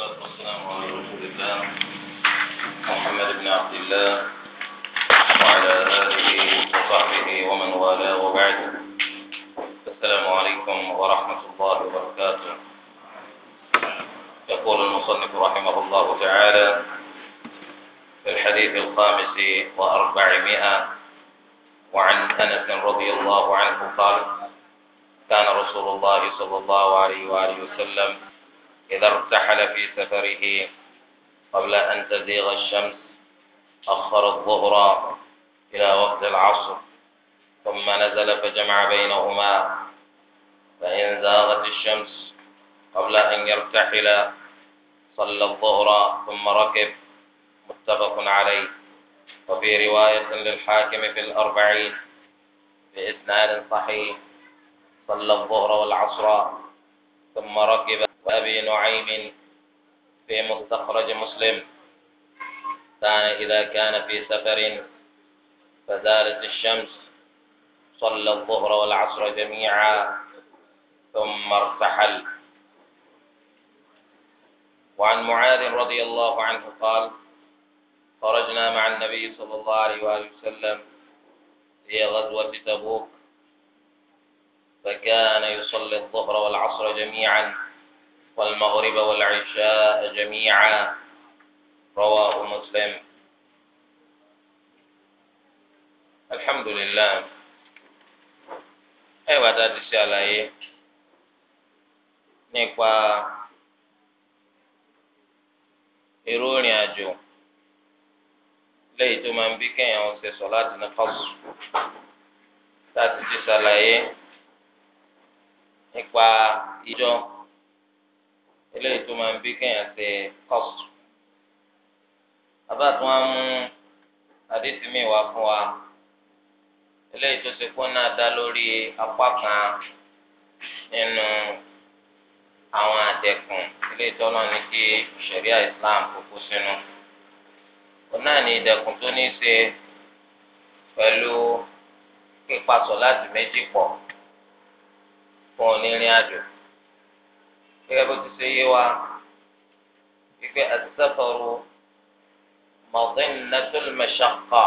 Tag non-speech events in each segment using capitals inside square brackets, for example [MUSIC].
والصلاة والسلام على رسول الله محمد بن عبد الله وعلى آله وصحبه ومن والاه وبعد السلام عليكم ورحمة الله وبركاته يقول المصنف رحمه الله تعالى في الحديث الخامس وأربعمائة وعن أنس رضي الله عنه قال كان رسول الله صلى الله عليه وآله وسلم إذا ارتحل في سفره قبل أن تزيغ الشمس أخر الظهر إلى وقت العصر ثم نزل فجمع بينهما فإن زاغت الشمس قبل أن يرتحل صلى الظهر ثم ركب متفق عليه وفي رواية للحاكم في الأربعين بإثنان صحيح صلى الظهر والعصر ثم ركب وأبي نعيم في مستخرج مسلم كان إذا كان في سفر فزالت الشمس صلى الظهر والعصر جميعا ثم ارتحل وعن معاذ رضي الله عنه قال خرجنا مع النبي صلى الله عليه وآله وسلم في غزوة تبوك فكان يصلي الظهر والعصر جميعا والمغرب والعشاء جميعا رواه مسلم الحمد لله ẹ̀wà tá a ti ṣe àlàyé nípa irú ìrìn àjò léyìí tó máa ń bí kéèyàn ó ṣe sọ láti ní fásitì tá ti ṣàlàyé nípa ìjọ eléyìí tó máa ń bí kéèyàn ṣe kọ́sù. bàbá tó wá mú àdéhùn mi wá fún wa eléyìí tó ṣe kó náà dá lórí apá kan nínú àwọn àdẹkùn eléyìí tó náà ní kí ṣẹ̀ríà Islam kókó sínú. òun náà ní ìdẹ̀kùn tó ní í ṣe pẹ̀lú pípa sọ láti méjì pọ̀ fún onírìn àjò gẹ́gẹ́ bó ti ṣe yé wa wípé as-safaru madhinnatu al-mashaqqa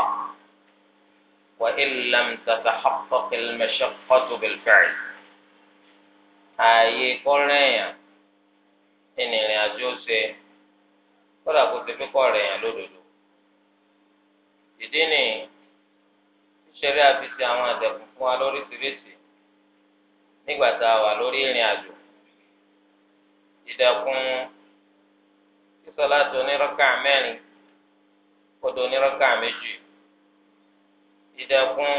wa illam tatahaqqaq al-mashaqqatu bil-fi'l ààyè kọ́rẹ́yàn ìnìrìn àjò ṣe kódà kó ti fi kọ́rẹ́yàn lódodo ìdí nìyí ṣẹlẹ̀ àfisẹ àwọn àdẹkùn fún wa lóríṣiríṣi nígbà tá a wà lórí ìrìn àjò ìdẹ̀kùn sísọlá tó nírọ́kà mẹ́rin kódó nírọ́kà méjì ìdẹ̀kùn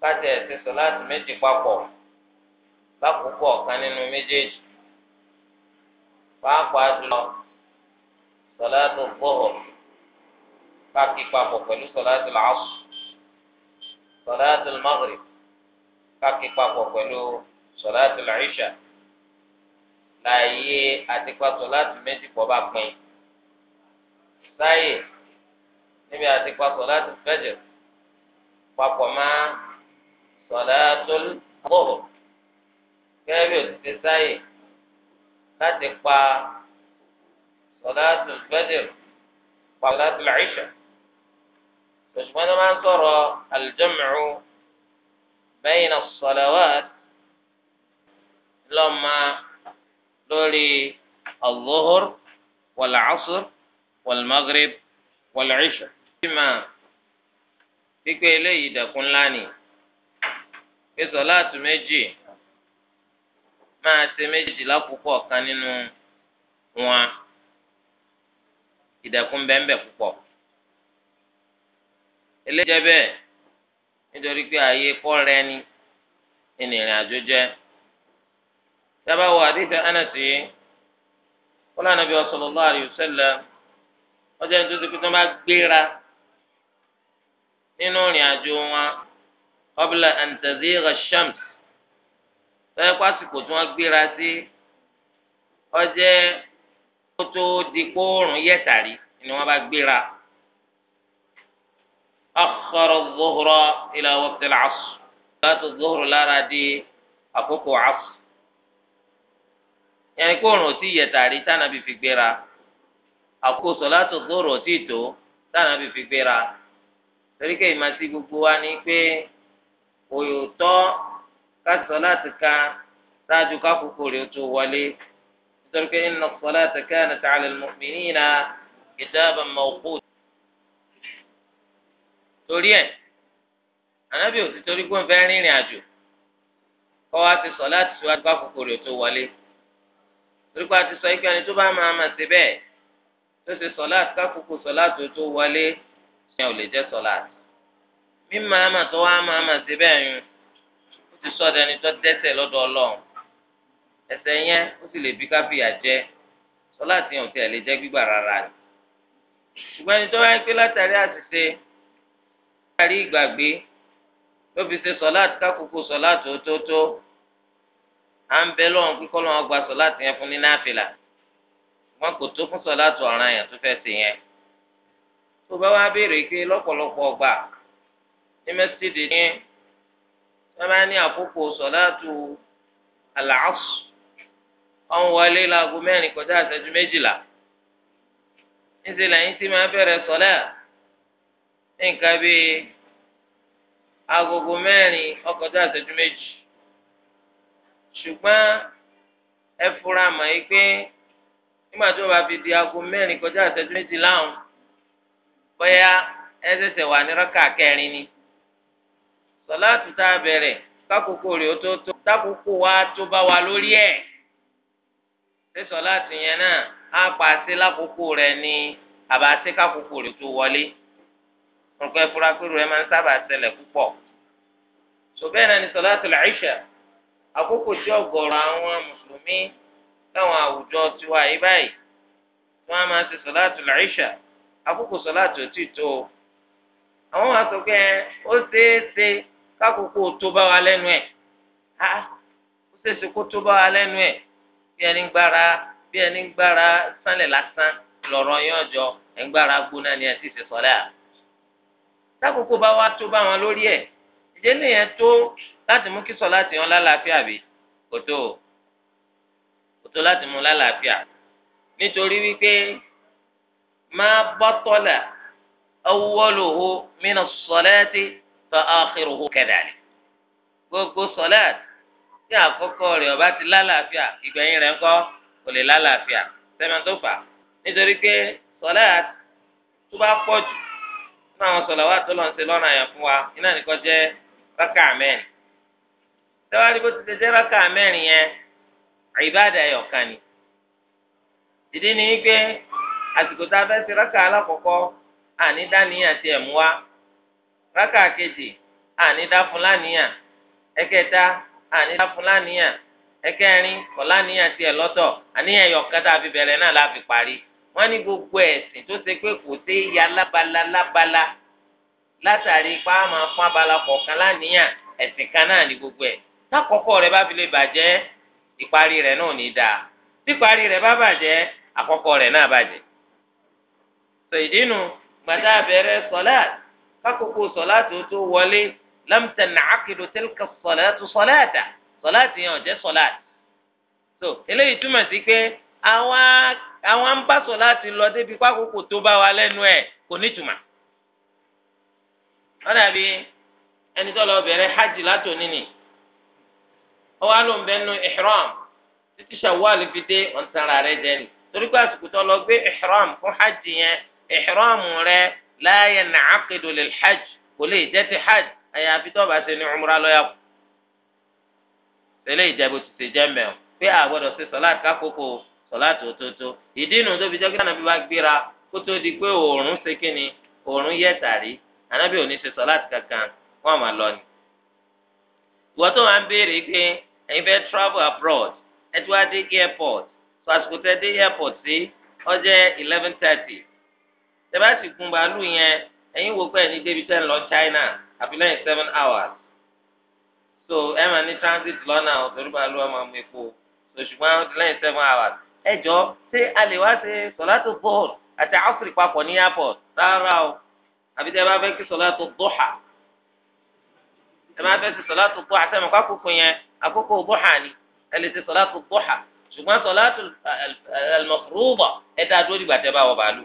káṣí ẹ̀sìn sọlá tó méjì papọ̀ lákòókò ọ̀kan nínú méjèèjì pàápàá jùlọ sọlá tó gbọ́họ̀ káàkiri papọ̀ pẹ̀lú sọlá tó làásù sọlá tó maghrib káàkiri papọ̀ pẹ̀lú sọlá tó láàyè àtikpàtọ̀ láti méjì pọ̀ bá pín sáyè níbi àtikpàtọ̀ láti fẹ́jẹ̀ papọ̀ máa sọ̀láàtúl bọ̀rọ̀ gẹ́gẹ́ bí òtítí sáyè láti pa sọ̀láàtúl fẹ́jẹ̀ papọ̀ láti làyíṣà òṣùpá ni máa ń sọ̀rọ̀ àlùjọ́mìíràn bẹ́yìn náà sọ̀láwàt lọ́ọ́ máa. lórí al-zuhur wal-asr wal-maghrib wal-isha. ìmọ̀ pípé eléyìí dẹ̀kun ńlá ni pé sọláàtù méjì máa ṣe méjì lákòókò ọ̀kan nínú púpọ̀. eléyìí bẹ́ẹ̀ nítorí pé ààyè sábà wọ àdìsẹ anasi wọn lànà bí sallallahu alayhi wa sallam ọjọ́ ní tuntun tó bá gbéra nínú ìrìn àjò wọn qabla an tazigha ash-shams sọyẹ pásìkò tí wọn gbéra sí ọjẹ kó tó di kóòrùn yẹtàrí ni wọn bá gbéra ila waqt al-'asr láti di àkókò 'asr yẹn kó òrùn sí yẹtàrí tánàbí fi gbéra àkóso láti gbòòrò tí tó tánàbí fi gbéra torí kẹ́yìn máa sí gbogbo wa ní pé òyòtọ́ kásọ̀ láti ka ṣáájú kákòókò rẹ̀ tó wọlé nítorí pé inna as-salata kanat 'ala al-mu'minina kitaban mawquta. torí ẹ̀ ànábì torí pé ń fẹ́ rìnrìn àjò kọ́ wa ti sọ̀ láti ṣíwájú kákòókò rẹ̀ tó wọlé torípa ti sọ ikú ẹni tó bá máa máa ṣe bẹ́ẹ̀ tó ṣe sọláàtì kákòókò sọláàtì tó wọlé ṣe ò lè jẹ́ sọláàtì mí máa máa tó wá máa máa ṣe bẹ́ẹ̀ yun ó ti sọ ẹni tó dẹ́ṣẹ̀ lọ́dọ̀ ọlọ́run ẹ̀ṣẹ̀ yẹn ó sì lè bí káfíà jẹ sọláàtì yẹn ò tiẹ̀ lè jẹ́ gbígbà rárá ni ṣùgbọ́n ẹni tó wáyé pé látàrí àṣìṣe látàrí ìgbàgbé ló fi ṣe sọláàtì kákòókò sọláàtì tó tó tó à ń bẹ lọ́wọ́n kíkọ́ lọ́wọ́ gba sọ láti yẹn fún ní náfìlà wọn kò tó fún sọ láti ọ̀ràn yẹn tó fẹ́ sí yẹn tó bá wá béèrè pé lọ́pọ̀lọpọ̀ ọgbà ní mẹ́sídẹ̀ẹ́ ní wọ́n bá ní àkókò sọ láti àlàásù wọ́n wọlé láago mẹ́rin kọjá àṣẹjú méjìlá níṣẹ́ lẹ́yìn tí máa bẹ̀rẹ̀ sọ́lẹ̀ nǹkan bíi agogo mẹ́rin ọkọjá àṣẹjú méjì ṣùgbọ́n ẹ fura mọ̀ yìí pé nígbà tí wọ́n bá fi di aago mẹ́rin kọjá àtẹ́jú méjì láwọn bóyá ẹ ṣẹ̀ṣẹ̀ wà ní rákà kẹrin ni sọláàtù tá a bẹ̀rẹ̀ kákòókò rẹ̀ ó tó tó tákòókò wa tó bá wa lórí ẹ̀ ṣé sọláàtù yẹn náà á pa sí lákòókò rẹ̀ ni àbá sí kákòókò rẹ̀ tó wọlé nǹkan ẹ fura pé rẹ̀ máa ń sábà ṣẹlẹ̀ púpọ̀ sọ bẹ́ẹ̀ náà ni sọláàtù l'Íṣà àkókò tí ọ̀gọ̀rọ̀ àwọn mùsùlùmí táwọn àwùjọ tiwa yìí báyìí tí wọ́n máa ń ṣe sọ̀láàtù làìṣà àkókò sọ̀láàtù ò tí tó o. àwọn wàá sọ pé ó ṣeé ṣe kákòókò tó bá wa lẹ́nu ẹ̀ á ó ṣeé ṣe kó tó bá wa lẹ́nu ẹ̀ bí ẹni gbára bí ẹni gbára sánlẹ̀ lásán lọ̀rọ̀ yànjọ ẹ̀ gbóná ni ẹ̀ sì ṣe sọ̀lá. kákòókò bá wa tó bá wọn lórí ẹ̀ ìdílé yẹn tó láti mú kí sọláàtì wọn lálàáfíà bí kò tó kò tó láti mú lálàáfíà nítorí wípé máa bọ́tọ́là awwaluhu mina sọláàtì fa akhiruhu kadhalik gbogbo sọláàtì tí àkọ́kọ́ rẹ̀ ọba ti lálàáfíà ìgbẹ̀yìn rẹ̀ ńkọ́ kò lè lálàáfíà sẹ́mẹ̀ntòfà nítorí pé sọláàt tó bá pọ̀ jù náà wọn sọ̀lá wa tó lọ́n ṣe lọ́nà yẹn fún wa iná nìkan jẹ́ rákà mẹ́rin tẹwàá bó ti ṣe sẹ́ráka mẹ́rin yẹn ìbáàdà kan ni ìdí ni wípé àsìkò tá a fẹ́ alákọ̀ọ́kọ́ àní dáníyàn ti ẹ̀mú wa ráka kejì àní dá fún ẹ̀kẹta àní dá ẹ̀kẹrin ti gbogbo tó ya lábala lábala látàrí máa fún abala kọ̀ọ̀kan láníyàn ẹ̀sìn lákọ̀ọ́kọ́ rẹ̀ bá fi lè bàjẹ́ ìparí náà ní dáa tí ìparí bá bàjẹ́ àkọ́kọ́ rẹ̀ náà bàjẹ́. sèdínù gbàdá abẹ́rẹ́ sọ́láàt kákòókò sọ́láàt tó tó wọlé lámtẹ̀ nàákìlú tẹ́lẹ̀kẹ́ sọ́láàt sọ́láàtà sọ́láàt so eléyìí túmọ̀ sí pé àwọn àwọn lọ débi kákòókò tó bá wa lẹ́nu ẹ̀ kò wọ́n dàbí ẹni tó lọ bẹ̀rẹ̀ hajj ọwọ́ àlọ́ ń bẹ nu ihram títí Shawwal fi dé ọ̀n tara rẹ jẹ ni torí pé àsìkò tó lọ gbé hajj yẹn ihram rẹ hajj kò lè jẹ́ ti hajj àyàfi tó bá ṣe ní umra lọ́yà kù tẹ́lẹ̀ ìjẹ́bù ti ṣe jẹ́ mẹ́ọ̀ pé àgbọ̀dọ̀ ṣe sọ́láàtì kákòókò òtótó ìdí inú tó fi jẹ́ gbéra kó ẹ̀yin fẹ́ travel abroad ẹ ti wá dé airport so àsìkò tẹ́ dé airport sí ó jẹ́ eleven thirty tẹ́ bá sì gun bàálù yẹn ẹ̀yin wò pé ẹni débi tẹ́ ń lọ China àfi lẹ́yìn seven hours so ẹ máa ní transit lọ́nà òtòrí bàálù ọmọ ọmọ epo so ṣùgbọ́n ó ti lẹ́yìn seven hours ẹ jọ ṣé a lè wá ṣe sọ̀látò bọ́ọ̀lù àti àṣírí papọ̀ ní airport rárá o àbí tẹ́ bá fẹ́ kí sọ̀látò dọ́hà ẹ máa fẹ́ ṣe sọ̀látò dọ́hà sẹ́mi pákó fún yẹn àkókò bọ́hà ni ẹ lè ṣe sọ̀látù bọ́hà ṣùgbọ́n sọ̀látù al-mafruḍa ẹ dá dúró dìgbà tẹ́ bá wọ bàálù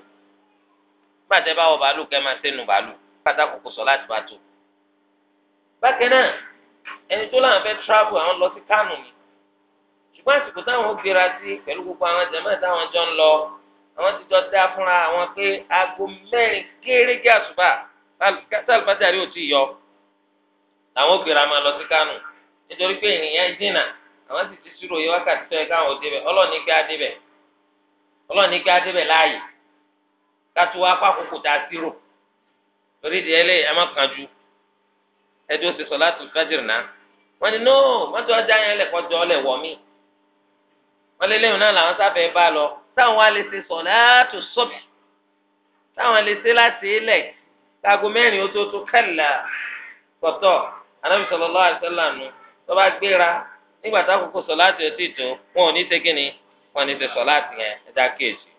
gbà tẹ́ bá wọ bàálù kẹ́ máa sẹ́nu bàálù pátákó kò sọ̀látù bá tó. bákan náà ẹni tó láwọn fẹ́ travel àwọn lọ sí Kánò ni ṣùgbọ́n àsìkò táwọn gbéra sí pẹ̀lú gbogbo àwọn jẹ̀mọ́ táwọn jọ ń lọ àwọn ti jọ dá fúnra àwọn pé aago mẹ́rin kéré gé àṣùbà sálùfáàtì àríwò nítorí pé ìrìn yẹn dínà àwọn sì ti ṣúrò yẹ wákàtí tó yẹ káwọn ò débẹ̀ Ọlọ́run ní kí á débẹ̀ Ọlọ́run ní kí á débẹ̀ láàyè kátó wá pàkókò tá a sírò torí ìdíyẹ lé ẹ má kánjú ẹdí ó ti sọ láti fẹjìrì náà wọn ni nóò mọtò ọjà yẹn lẹkọjọ ọlẹ wọ mí wọn lé lẹ́yìn náà làwọn sáfẹ bá lọ táwọn wa lè ṣe sọ láti sọbì táwọn lè ṣe láti ilẹ̀ kágo mẹ́rin ó tó tó kẹlẹ pọtọ anábìsọlọ lọ àìsàn tó bá gbéra nígbà tá àkókò sọláàtì ẹ ti tó wọn ò ní ṣe kíni wọn ní ṣe sọláàtì yẹn ẹja kéèsì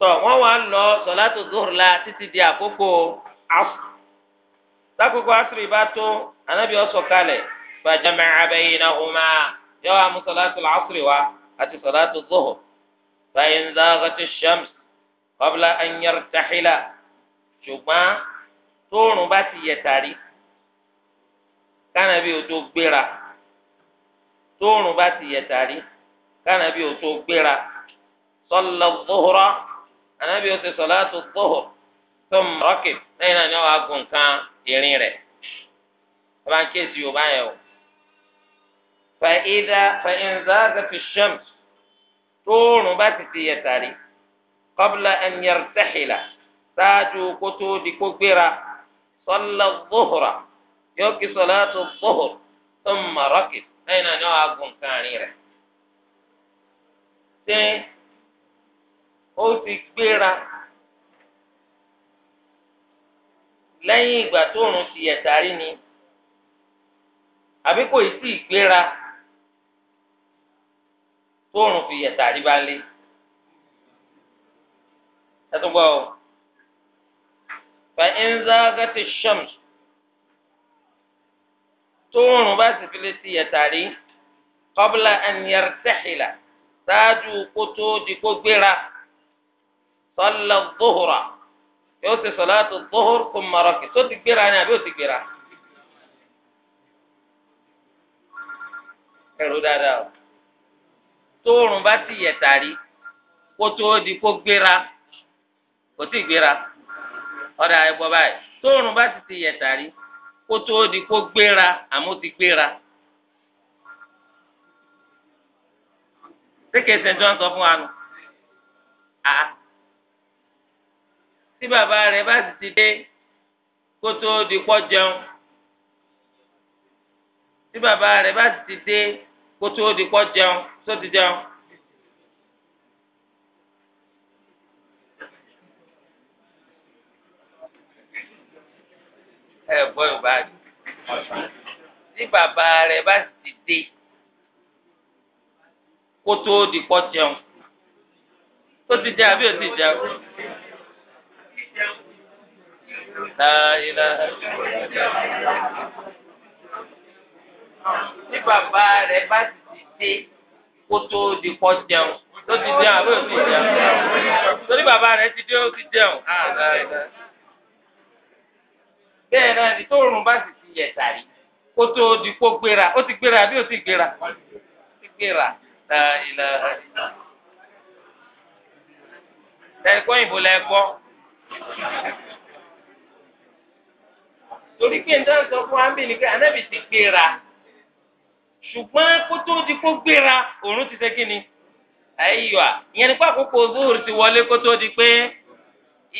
tọ wọn wà lọ sọláàtì zuhur la títí di àkókò asr sákòókò asiri bá tó anabi ọsọ kalẹ̀ fàjàmẹ abaynahuma yọ àmú sọláàtì asiri wa àti sọláàtì zuhur fàyín zàgàtì shams qabla an yartahila ṣùgbọ́n tóorùn bá ti yẹ tàrí kánàbí o tó gbéra tóorùn bá ti yẹ tàrí kánàbí o tó gbéra sọlọ gbóhùrọ ànábì o ti sọlá tó gbóhùr tó mọ̀ọ́kì lẹ́yìn náà ni wọ́n á gùn kan ìrìn rẹ̀ wọ́n bá ń kéésì yóò bá yẹn o. fàìdá fàìnzá zafi shams tóorùn bá ti ti yẹ tàrí kọ́bùlà ẹ̀yẹrì tẹ̀hìlà sáájú kótó di gbéra sọlọ gbóhùrọ. yóò kí sọláàtù zuhur tó ń mọ̀rọ́kì lẹ́yìn náà ni wọ́n á gùn káàrin rẹ̀. ṣé ó ti gbéra lẹ́yìn ìgbà tó rùn ti ẹ̀tàrí ni àbí kò sí ìgbéra tó rùn fi ẹ̀tàrí bá lé. ẹ tún gbọ́ tóorùn bá sì fi lè ti yẹ̀tàrí kọ́bùlà ẹnìyẹrẹ tẹ̀hìlà ṣáájú kótó di kó gbéra sọ́lá dóhùrà yóò ṣe sọ́lá tó dóhùr kó mọ̀rọ́kì tó ti gbéra ni àbí ó ti gbéra. ẹ̀rù dáadáa o tóorùn bá ti yẹ̀tàrí kótó di kó gbéra kò tí gbéra ọ̀dà ẹ̀gbọ́n báyìí tóorùn bá sì ti yẹ̀tàrí kó tó di kó gbéra àmọ́ ti gbéra. sékè sẹ́ńtọ́ ń sọ fún wa nù. tí bàbá rẹ̀ bá sì ti dé kó tó di kó jẹun tí bàbá rẹ̀ bá sì ti dé kó tó di kó jẹun tó ti jẹun. ẹ gbọ́ yorùbá rẹ̀ tí bàbá rẹ̀ bá sì dé kó tó di pọ́ jẹun tó ti jẹ àbí ò ti jẹun tí bàbá rẹ̀ bá sì dé kó tó di pọ́ jẹun tó ti jẹun àbí ò ti jẹun torí bàbá rẹ̀ ti dé ó ti jẹun. Ah, bẹ́ẹ̀ náà ni tó rùn bá sì ti yẹ̀ sàrí kó tó di kó gbéra ó ti gbéra àbí ó ti gbéra ó ti gbéra ilẹ̀ ẹ̀kọ́ ìbò lẹ gbọ́ torí pé nígbà tó fún wa ń bì ní pé anábì ti gbéra ṣùgbọ́n kó tó di kó gbéra òórùn ti ṣe ni àyíyọ ìyẹn nípa àkókò zuhur ti wọlé kó tó di pé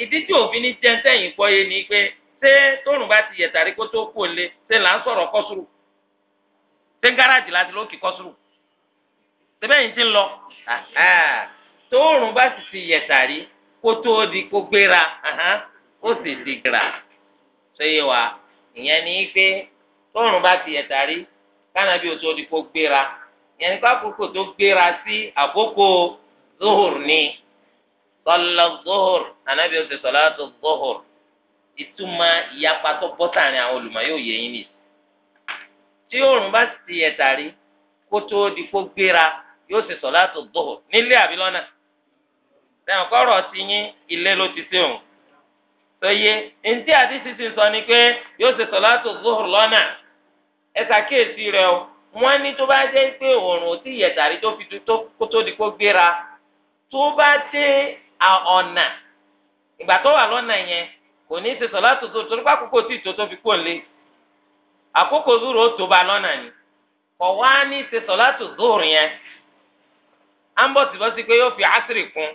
ìdí tí òfin ní jẹ́ ń tẹ̀yìn pọ́yé ni pé ṣé tóòrùn bá ti yẹ tàrí kó tó kú òlé ṣé là ń sọ̀rọ̀ kọ́sùrù ṣé gáràjì láti lókè kọ́sùrù ṣẹ́bẹ̀yìn ti ń lọ tóòrùn bá sì ti yẹ tàrí kó tó di kó gbéra ó sì di gbéra ṣé yé wa ìyẹn ni pé tóòrùn bá ti yẹ tàrí kánàbí ó tó di kó gbéra ìyẹn ni kákòókò tó gbéra sí àkókò zohor ni sọlá zohor ànábì ó ti sọlá tó zohor ìtumọ̀ ìyapa tó bọ́ sàárín àwọn olùmọ̀ yóò yẹ yín nìyí. tí oòrùn bá ti ẹ̀tà rí kó tó di kó gbéra yóò sì sọ láti dùhù nílé àbí lọ́nà. sẹ́wọ̀n kọ́rọ̀ ti yín ilé ló ti sí òun. sọye ntí àti sísìn sọ ni pé yóò sì sọ láti dùhù lọ́nà. ẹ ṣàkíyèsí rẹ o wọ́n ní tó bá jẹ́ pé oòrùn ò tí ì ẹ̀tà rí tó fi kó tó di kó gbéra tó bá dé ọ̀nà ìgbà tó wà lọ́nà yẹn kò ní ti sọlá tó tó torí pé àkókò tí ìtò tó fi kó lé àkókò zúrò ó tó ba lọ́nà ni kò wá ní ti sọlá tó zúrò yẹn à ń bọ̀ síbọ̀ sí pé yóò fi àṣírí kún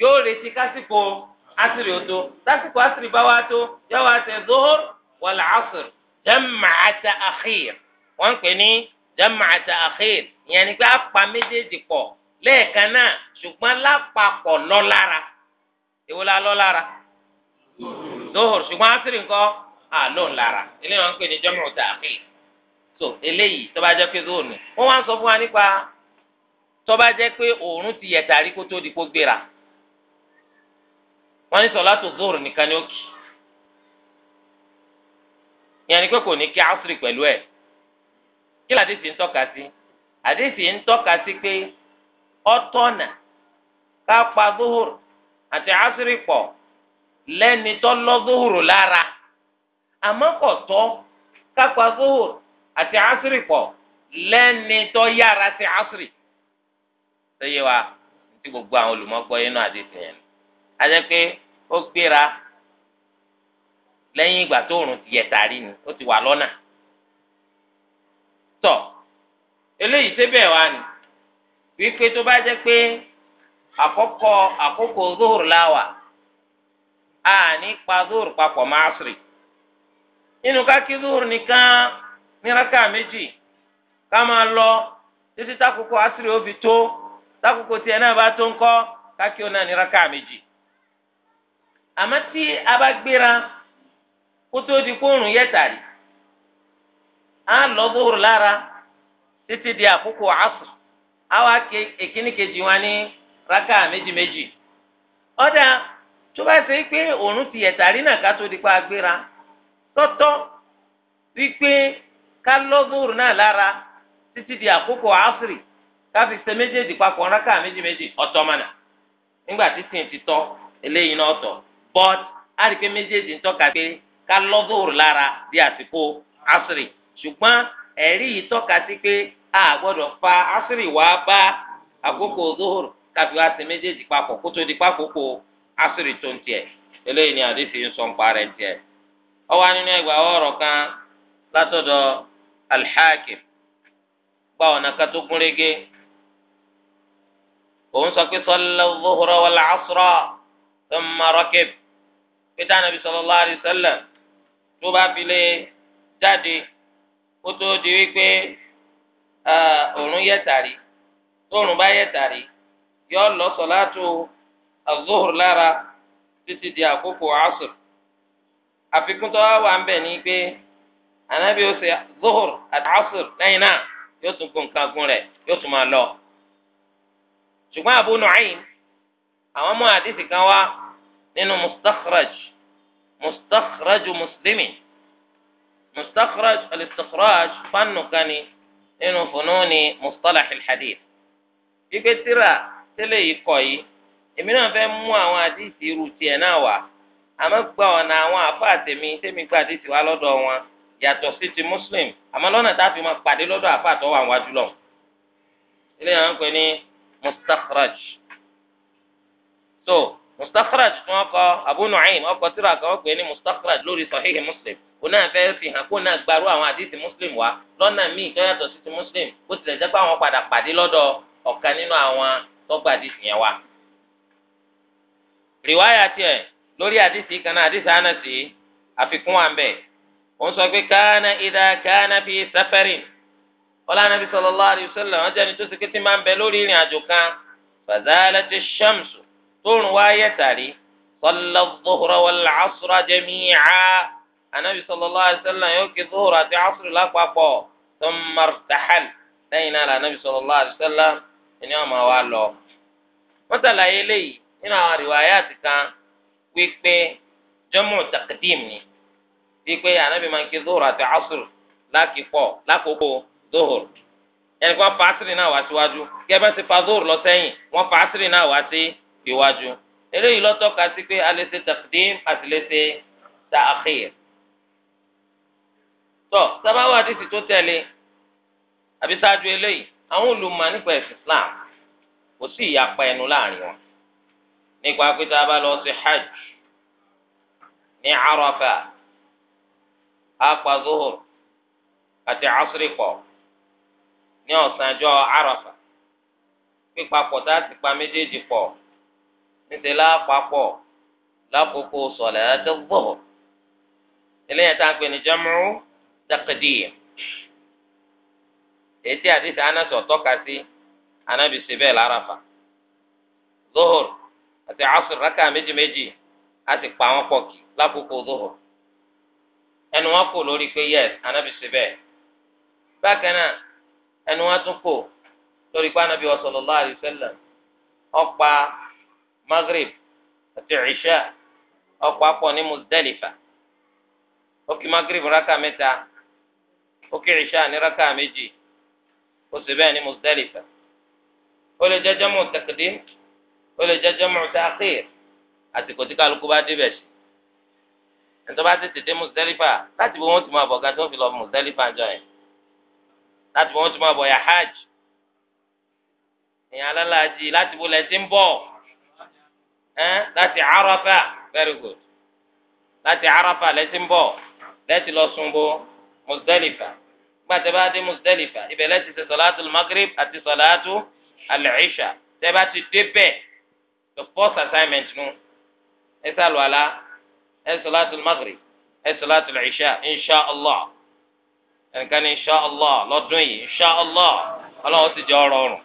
yóò retí kásìkò àṣírí ó tó kásìkò àṣírí bá wá tó yóò wá ṣe zuhur wal asr jam'ata akhir wọ́n ń pè ní jam'ata akhir ìyẹn ni pé apá méjèèjì pọ̀ lẹ́ẹ̀kan náà ṣùgbọ́n lápapọ̀ lọ́lára èwo lọ́lára. zohor ṣùgbọ́n asiri ńkọ́ àlóhùn ah, lara. eléyìí wọn ń pè ní so eléyìí tọba bá jẹ́ pé zohor ni wọ́n wá ń sọ fún wa nípa tọba jẹ́ pé òórùn ti yẹ tàrí kó tó di kó gbéra wọ́n ní sọ̀látù zohor nìkan ìyẹn ni pé kò ní kí asiri pẹ̀lú kí ló àdéhìí ń tọ́ka sí àdéhìí ń àti asiri lẹni tọ lọ zuhuru lára àmọ́ k'akpa tọ́ àti asiri pọ lẹni tọ yára sí asiri. sẹ́yìn wa ti gbogbo àwọn olùmọ̀gbọ́ yín náà àti pé ó gbéra lẹ́yìn ìgbà tó òrùn ti yẹ tàrí ni ó ti wà lọ́nà. eléyìí a nípa zuhur papọ̀ máàsìrì nínú kákí zuhur nìkan níraka méjì ká máa lọ títí takoko Asiri ó fi tó takoko tiẹ̀ náà bá tó ń kọ́ kákí ó náà níraka méjì àmọ́ tí a bá gbéra kó tó di kóòrùn yẹ́tàrí á lọ zuhur lára títí di àkókò asìrì àwa èkíní kejì wa ní raka méjì méjì ọ̀dà. tó bá ṣe pé òòrùn ti yẹ̀ tàrí náà ká tó di pa agbéra tọ́tọ́ wípé ká lọ́gọ́rù náà lára títí di àkókò àásìrì ká fi ṣe méjèèjì papọ̀ rákà méjì méjì nígbà tí tìǹ ti tọ́ eléyìí náà tọ̀ but á rí pé méjèèjì ń di àsìkò ṣùgbọ́n ẹ̀rí yìí tọ́ka a gbọ́dọ̀ fa wá bá àkókò ká fi wá ṣe méjèèjì papọ̀ kó asiri tó ń tiẹ̀ eléyìí ni àdìsí ń sọ ń parẹ́ ń tiẹ̀. ọwọ́ nínú ẹgbà ọ̀rọ̀ kan látọ̀dọ̀ alḥakim gba ọ̀nà kan tó gúnrégé òun sọ pé salla zuhra wal asra thumma pété anabi sallallahu alaihi wasallam tó bá jáde di wípé bá azuhur lára títí di àkókò asur àfikún tó wá ń bẹ ní pé anabi ó ṣe zuhur àti asur lẹ́yìn náà yóò tún gun nǹkan gun rẹ̀ yóò tún máa lọ ṣùgbọ́n Abu Nu'aym àwọn ọmọ àdìsí kan wá nínú mustakhraj mustakhraj muslimi mustakhraj al-istikhraj kani nínú fununi mustalahi al-hadith tẹ́lẹ̀ yìí kọ yìí èmi náà fẹ́ mú àwọn àdìsí irú tiẹ̀ náà wá àmọ́ gba ọ̀nà àwọn àfa àtẹ̀mí tẹ́mi gba àdìsí wa lọ́dọ̀ wọn yàtọ̀ sí ti muslim àmọ́ lọ́nà tá a fi máa pàdé lọ́dọ̀ àfa àtọ́ wà wájú lọ. ilé yàrá ń pè ní mustakhraj so mustakhraj tí wọ́n kọ abu nu'aym ọkọ tíra kan wọ́n pè ní mustakhraj lórí sahihi muslim òun náà fẹ́ fi hàn kó náà gbarú àwọn àdìsí muslim wa lọ́nà míì tó yàtọ̀ sí ti muslim ó tilẹ̀ jẹ́ pé àwọn padà pàdé lọ́dọ̀ ọ̀kan nínú àwọn tó àdìsí yẹn wa rìwáyà tiẹ̀ lórí àdìsí kan náà àdìsí ànàsì àfikún wa ń bẹ̀ wọ́n sọ pé káànà ìdá káànà fi safarin ọlọ́nàbí sallallahu alaihi wasallam wọ́n jẹ́ni tó ti kété máa ń bẹ lórí ìrìn àjò kan fazalati shamsu tóorùn wá yẹ tàrí salla dhuhra wal asra jami'a anabi sallallahu alaihi wasallam yóò ké dhuhra àti asra lápapọ̀ thumma irtahal lẹ́yìn náà anabi sallallahu alaihi wasallam wọn máa wá lọ. wọ́n tàlàyé léyìí nínú àwọn riwayat kan wípé jọmọ takadim ni wípé anabi máa ń ké zuhur àti asur lákìpọ̀ lákòókò zuhur ẹnì kan fa asiri náà wá síwájú kí ẹ bá ti fa zuhur lọ sẹ́yìn wọ́n fa asiri náà wá sí iwájú eléyìí ló tọ́ka sí pé a lè ṣe takadim àti lè ṣe ta'khir tọ́ sábàá wà tó tẹ̀lé àbí sáájú eléyìí àwọn olùmọ̀ nípa ẹ̀sìn Islam kò sí ìyapa ẹnu láàrin wọn nípa pé tá a bá lọ sí hajj ní Arafa apàzóhùr àti asiri pọ̀ ní ọ̀sánjọ́ Arafa pípapọ̀ tá a ti pa méjèèjì pọ̀ níṣẹ́ lápapọ̀ lákòókò sọ̀látù zuhur eléyìí tá a pè ní jam'u taqdim ètí àdìsí anásọ̀ tọ́ka sí anábìsí bẹ́ẹ̀ l'Arafa zuhur àti asr rákà méjì méjì a sì pa wọn pọ̀ kì lákòókò zuhur ẹnu wọn kò lórí pé yes anabi ṣe bẹ́ẹ̀ bákan náà ẹnu wọn tún kò lórí pé anabi sallallahu alaihi wasallam ó pa maghrib àti ìṣá ó pa pọ̀ ní Muzdalifa ó kí maghrib rákà mẹ́ta ó kí ìṣá ní rákà méjì ó sì bẹ́ẹ̀ ní Muzdalifa ó lè jẹ́ jamu taqdim ó lè jẹ́ jẹ́mú ta'khir àsìkò tí kálukú bá débẹ̀ sí ẹ̀tọ́ bá tètè dé Muzdalifa láti bọ́ wọn ti máa bọ̀ ká tó fi lọ Muzdalifa jọ yẹn láti bọ́ wọn ti máa bọ̀ yà hajj èèyàn alálàájì láti bọ́ lẹ́sìn ń bọ̀ ẹ́ láti Arafa very good láti Arafa lẹ́sìn ń bọ̀ lẹ́sìn lọ sùn bọ́ Muzdalifa gbàtẹ́ bá dé Muzdalifa ibẹ̀ lẹ́sìn ti sọ̀láàtù magrib àti the first assignment nu ẹ sálọ àlá ẹ salatul maghrib ẹ salatul isha insha allah ẹnìkan ní insha allah lọ́dún yìí insha allah ọlọ́run sì jẹ́ ọ̀rọ̀ ọ̀rùn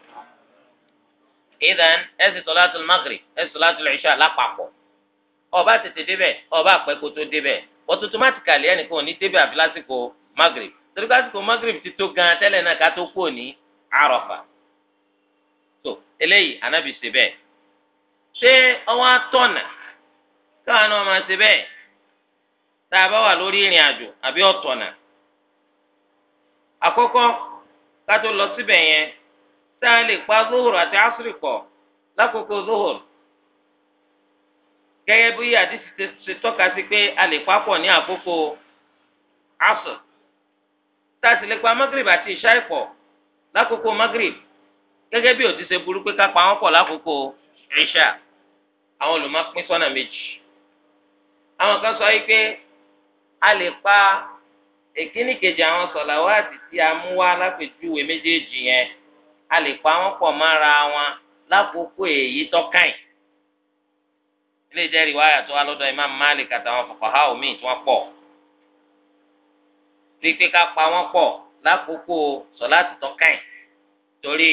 ìdán ẹ sì salatul maghrib ẹ salatul isha lápapọ̀ ọba tètè débẹ̀ ọba àpẹ́kọ̀ tó débẹ̀ but automatically ẹnìkan ò ní débẹ̀ àfi lásìkò maghrib torí lásìkò maghrib ti tó gan tẹ́lẹ̀ náà ká tó kú òní àrọ̀fà so eléyìí anábì ṣe bẹ́ẹ̀ ṣé ọwọ́ àtọ̀nà káwọn náà máa ṣe bẹ́ẹ̀ tá a bá wà lórí ìrìn àjò àbí ọ̀tọ̀nà àkọ́kọ́ ká tó lọ síbẹ̀ yẹn tá a lè pa zohor àti asiri pọ̀ lákòókò zohor gẹ́gẹ́ bí àdìsí ṣe tọ́ka sí pé a lè papọ̀ ní àkókò asr tá a sì lè pa magrib àti ìṣáì pọ̀ lákòókò magrib gẹ́gẹ́ bí òtí ṣe burú pé ká pa wọ́n pọ̀ lákòókò asr ìṣà àwọn olùmọ̀ pín sọ́nà méjì àwọn kan sọ wípé a lè pa èkíní kejì àwọn sọ̀làwáàtì tí a mú wá lápèjúwe méjèèjì yẹn a lè pa wọ́n pọ̀ mára wọn lákòókò èyí tọ́kàn ilé ìjẹ́rìí wáyà tó wá lọ́dọ̀ Imam Malik àtàwọn fọkànhá omi tí wọ́n pọ̀ pípé ká pa wọ́n pọ̀ lákòókò sọ̀láàtì tọ́kàn torí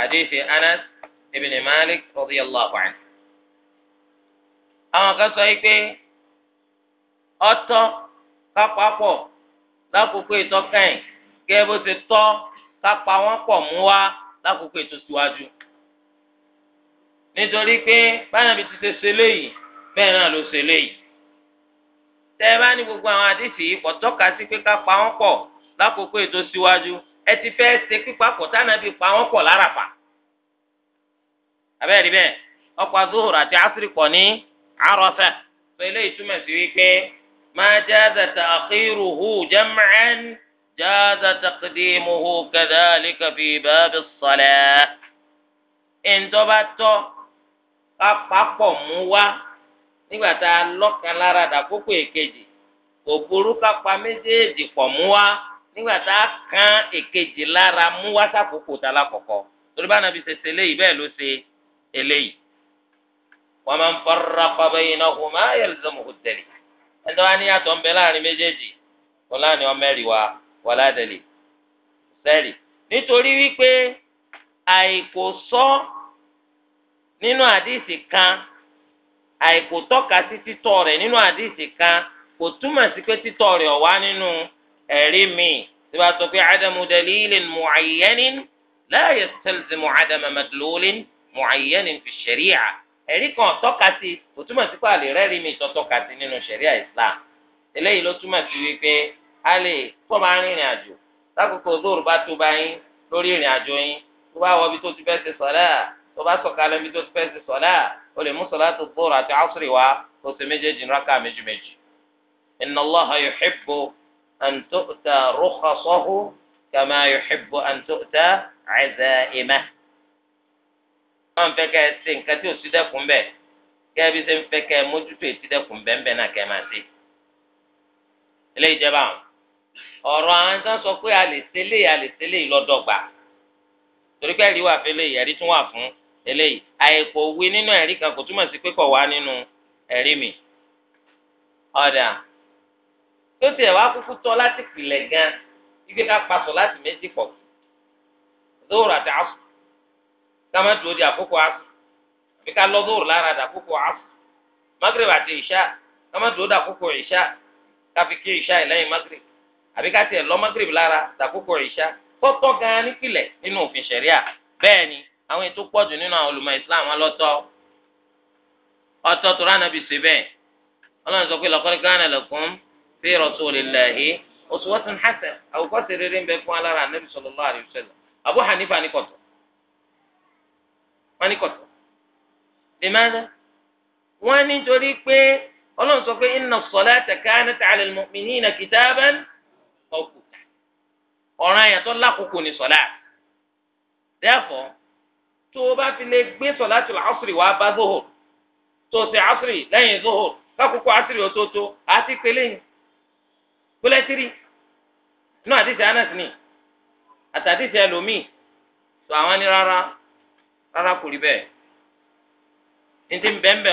àdéhìí Anas ibn Malik radiyallahu anhu àwọn kan sọ yìí pé ọ̀tọ̀ kápapọ̀ lákòókò ìtọ́kẹ́yìn gẹ́gẹ́ bó ti tọ́ kápá wọn pọ̀ mú wá lákòókò ètò síwájú nítorí pé báyọ̀bí ti ṣe ṣe léyìí bẹ́ẹ̀ náà ló ṣe léyìí tẹ́ ẹ bá ní gbogbo àwọn àdìsí kò tọ́ka sí pé kápá wọn pọ̀ lákòókò ètò síwájú ẹ ti fẹ́ ṣe pípapọ̀ tánàbí pa wọn pọ̀ láràpà. abẹ́rẹ́ bẹ́ẹ̀ ọkọ̀ zuhur àti asiri pọ̀ ní arọ́sà tó eléyìí túmọ̀ sí wípé máa jáza ta'khiruhu jam'an jáza taqdimuhu kadhalika fi bab as-salah. ìǹtọ́ba tọ́ kápákọ̀ mú wá nígbà tá a lọ́kàn lára dàkókò èkejì kò burú kápá méjèèjì pọ̀ mú eléyìí wa man farraqa baynahuma yalzamuhu ad-dalil ẹnitọ́ wa ní yàtọ̀ ń bẹ láàrin méjèèjì wọn láàrin ọmọ ẹ̀rì wa wà ládẹ́lì sẹ́rì nítorí wípé àìkò sọ nínú àdìsí kan àìkò tọ́ka sí títọ́ rẹ̀ nínú àdìsí kan kò túmọ̀ sí pé títọ́ rẹ̀ ọ̀wá nínú ẹ̀rí mi tí wàá sọ pé adamu dalilin mu'ayyanin la yastalzimu adama madlulin mu'ayyanin fi ṣẹ̀ríà ẹ̀rí kan tọ́ka sí kò túmọ̀ sí pàlè rẹ́rí mi tó tọ́ka sí nínú ṣẹ̀ríà Islam eléyìí ló túmọ̀ sí wípé a lè tó máa ń rìnrìn àjò lákòókò zoro bá tó bá yín lórí ìrìn àjò yín tó bá wọ ibi tó ti fẹ́ ṣe sọ̀lá tó bá sọ̀kalẹ̀ ibi tó ti fẹ́ ṣe sọ̀lá o lè mú sọ̀lá tó zoro àti asiri wá kó ṣe méjèèjì rákà méjì méjì inna wọn ń fẹ́ kẹ́ ẹ ṣe nǹkan tí ò sí dẹ́kun bẹ́ẹ̀ kẹ́ ẹ bí ṣe ń fẹ́ kẹ́ ẹ mójútó ètí dẹ́kun bẹ́ẹ̀ náà kẹ́ ẹ máa ṣe. ilé ìjẹba ọ̀rọ̀ àwọn ẹ̀sán sọ pé a lè ṣe léyìí a lè ṣe léyìí lọ́dọ̀gba torí pé ẹ̀rí wà fún eléyìí ẹ̀rí tún wà fún eléyìí àìkò wí nínú ẹ̀rí kan kò túmọ̀ sí pé kò wá nínú ẹ̀rí mi. ọ̀dà tó tiẹ̀ wá kúkú tọ́ láti pìlẹ̀ gan-an ká pa sọ láti méjì pọ̀ lóòrò àti àṣù kama dúró di àkókò asù àbí ká lọ dóòrò lára di àkókò asù magreb àti ìṣá kama dúró di àkókò ìṣá káfi kí ìṣá ìlẹ́yìn magreb àbí ká tiẹ̀ lọ magreb lára di àkókò ìṣá tọ́tọ́ gan-an nípìnlẹ̀ nínú òfin ṣẹ̀ríà bẹ́ẹ̀ ni àwọn ètò pọ̀jù nínú àwọn olùmọ̀ islam ọlọ́tọ́ ọtọ́ tó ránà bí ṣe bẹ́ẹ̀ ọlọ́run sọ pé laqad kana lakum fi rasulillahi uswatun hasanah àwòkọ́ṣe rere ń fún alára ànábì sallallahu alaihi wasallam Abu Hanifa ní kọ̀tọ̀ wọ́n ní kọ̀tọ̀ bìmọ́dá wọ́n ní torí pé ọlọ́run sọ pé inna as-salata kanat 'ala al-mu'minina kitaban mawquta ọ̀ràn àyàtọ̀ lákòókò ní sọ̀lá therefore tó o bá fi lè gbé sọ̀látul asri wá bá zohor tó o ṣe asri lẹ́yìn zohor lákòókò asri ọ̀tọ̀ọ̀tọ̀ àti pélé yìí gbólẹ́tìrì inú àdìsí Anas ni àtàdìsí ẹlòmíì tó àwọn ní rárá. rárá kò rí bẹ́ẹ̀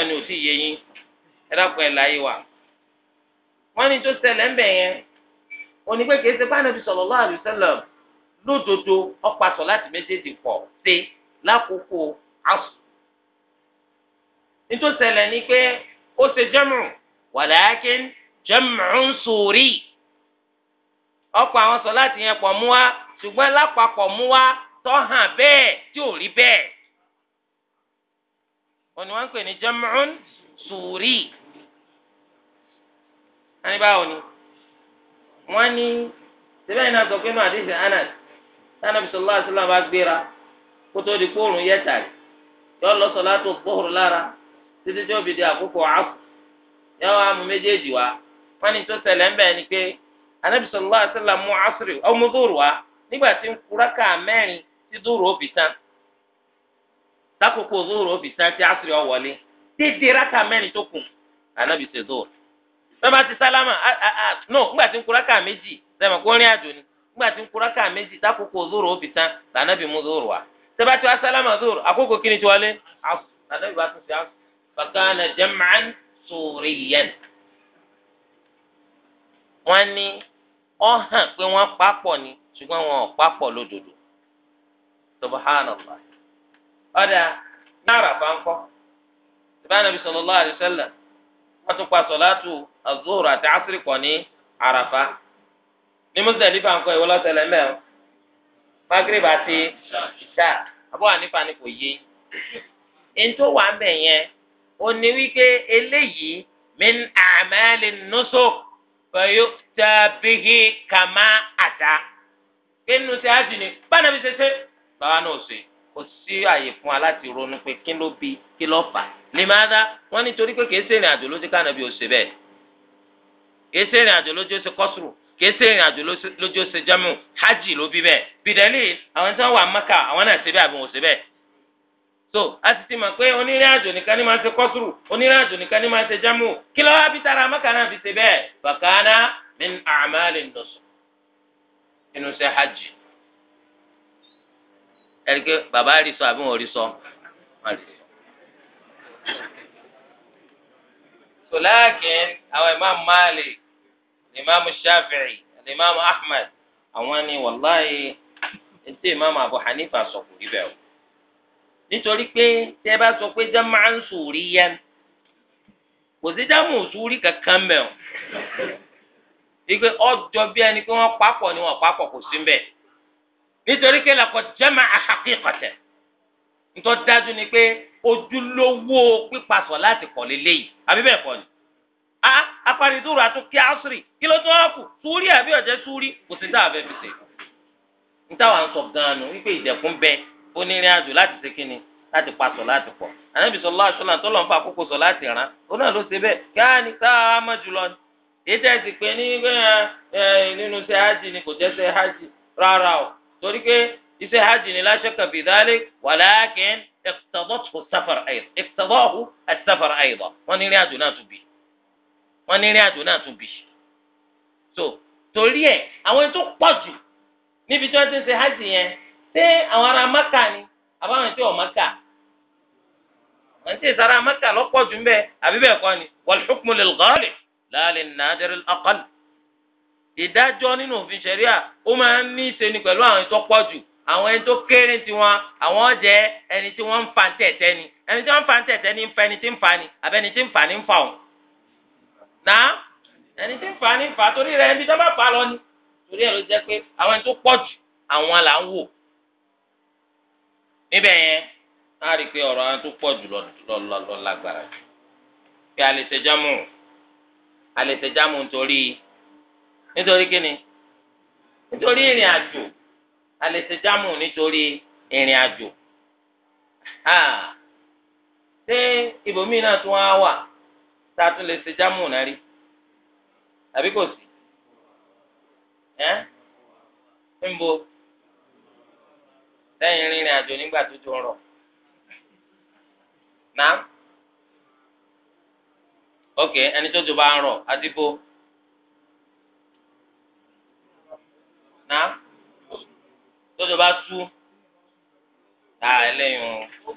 ni ò sì yé yín ẹ dákun ẹ̀ láyé wa. wọ́n ní tó ń bẹ̀ yẹn òní pé kìí ṣe pàànàbí sallallahu alaihi wasallam lódodo ọ̀pasọ̀ láti méjèèjì pọ̀ ṣe lákòókò asù. nítorí ni pé ó ṣe jẹ́mù walakin jam'un suri ọ̀pọ̀ àwọn sọ láti yẹn pọ̀ mú wa ṣùgbọ́n òní wọ́n ń pè ní jam'un sùúrì ẹni báwo ni wọ́n ní síbẹ̀ yìí náà sọ pé nínú àdéhùn anas sanabi sọlá àṣìlá bá gbéra kótó di kóòrùn yẹtàrí yọ lọ sọlá tó gbóòrùn lára títí tí ó fi di àkókò àkù yọ wá mú méjèèjì wá wọ́n ní tó ṣẹlẹ̀ ń bẹ̀ ni pé anabi sọlá àṣìlá mú asiri ọmọ dùrù wá nígbà tí ń kúrákà mẹ́rin tí dùrù ó fi tán takoko zuhuru obi tán tí asiri ọwọlé dédé raka mẹ́rin tó kù anabi ṣe zuhuru bẹ́ẹ̀ ti sálámà no ńgbà tí ń kura ká méjì sẹ́mi kó rìn àjò ni ńgbà tí ń kura ká méjì takoko zuhuru obi tán lànàbì mú zuhuru wa sẹ́bà tí wá sálámà zuhuru àkókò kíni tí wọlé lànàbì bá tún fi àfọ fakana jam'an suriyan wọ́n ní ọ hàn pé wọ́n papọ̀ ni ṣùgbọ́n wọn ò papọ̀ lódodo subhanallah. ọ̀dà ní àràfà ńkọ́ ṣùgbọ́n Ànábì sallallahu alaihi wọ́n tún pa sọ̀látù azóòrò àti asiri ní àràfà ní Muzdalifa ńkọ́ ìwọ́ lọ́sẹ̀lẹ̀ mẹ́rin magreb àti ìṣá àbọ̀ ànífà ni kò yé ẹni tó wà yẹn min kàmá àdá kí bá nàbí kò sí àyè fún wa láti ronú pé kí ló bi kí ló fà limadha wọn nítorí pé kìí sẹ́rìn àjò lójú ká nàbí òsè bẹ́ẹ̀ kìí sẹ́rìn àjò lójú ó ṣe kọ́sùrù kìí sẹ́rìn àjò lójú ṣe jámù hajj ló bí bẹ́ẹ̀ bìdẹ́lì àwọn tí wọ́n wà Mẹ́kà àwọn náà ṣe bẹ́ẹ̀ àbí wọn ṣe bẹ́ẹ̀ so a ti ti mọ̀ pé onírìn àjò nìkan ní máa ṣe kọ́sùrù onírìn àjò nìkan ní máa ṣe jámù kí ló wá bí tara Mẹ́kà náà fi ṣe bẹ́ẹ̀ bàkánà min a'malin nusuk inú ṣe hajj ẹni pé bàbá rí sọ àbí wọn rí sọ wọn rí sọ. sọláàkín àwọn imam Malik imam Shafi'i imam Ahmad àwọn ni wàláyé ètò imam Abu Hanifa sọ kò rí bẹ́ẹ̀ o nítorí pé tẹ́ bá sọ pé jama'a ń sòrí yẹn kò sí jámù sùúrì kankan mẹ́ o wípé ọjọ́ bí ẹni pé wọ́n papọ̀ ni wọ́n papọ̀ kò sí mbẹ́ẹ̀. nítorí pé làkọ jẹ́mà àhàkíkọ̀tẹ̀ nítorí dájú ni pé ojúlówó pípasọ láti kọ̀ lélẹ́yìí àbí ni a apanidúró àtúnkí asiri kí ló tó wá kù súúrí àbí ọ̀jẹ̀ súúrí kò sí dáa fẹ́ fi sọ wípé ìdẹ̀kùn bẹ onírìn àjò láti ṣe kínni láti pasọ̀ láti pọ̀ sọ láti rán òun náà ló bẹ́ẹ̀ sáà jùlọ ni nínú o torí pé iṣẹ́ hajj ni láṣẹ kàbí dálé wàlákin iqtadahu safar aydan iqtadahu as-safar aydan wọ́n ní ìrìn àjò náà tún bì wọ́n ní ìrìn àjò náà tún bì so torí ẹ̀ àwọn ètò pọ̀ jù níbi tí wọ́n ti ń ṣe hajj yẹn ṣé àwọn ará maka ni àbáwọn ètò ọ̀maka wọ́n ti sara maka lọ́pọ̀ jù ń bẹ́ẹ̀ àbí kọ́ ni wal hukmu lil ìdájọ́ nínú òfin ṣẹ̀ríà ó máa ń ní í ṣe ni pẹ̀lú àwọn ẹni tó pọ̀ jù àwọn ẹni tó kéré tiwọn àwọn jẹ́ ẹni tí wọ́n ń fa tẹ̀tẹ́ ni ẹni tí wọ́n ń fa tẹ̀tẹ́ ni ń fa ẹni tí ń fa ni àbẹ́ni tí ń fa ni ń fa òun. nà ẹni tí ń fa ni ń fa torí rẹ ẹni tó bá fa lọ ni torí ẹ ló jẹ́ pé àwọn ẹni tó pọ̀ jù àwọn là ń wò. níbẹ̀ yẹn a rí i pé ọ̀rọ̀ àwọn tó pọ̀ jù lọ lágbára nítorí kíni nítorí ìrìn àjò àlèsèjámù nítorí ìrìn àjò ṣé ibòmíì náà tún á wà tá a tún lè ṣe jámù náà rí àbí kò sí ẹ ń bo lẹ́yìn rìnrìn àjò nígbà tó tó ń náà ok ẹni tó tó bá ń àti bo. ná tójọ bá tú tá a lẹ́yìn o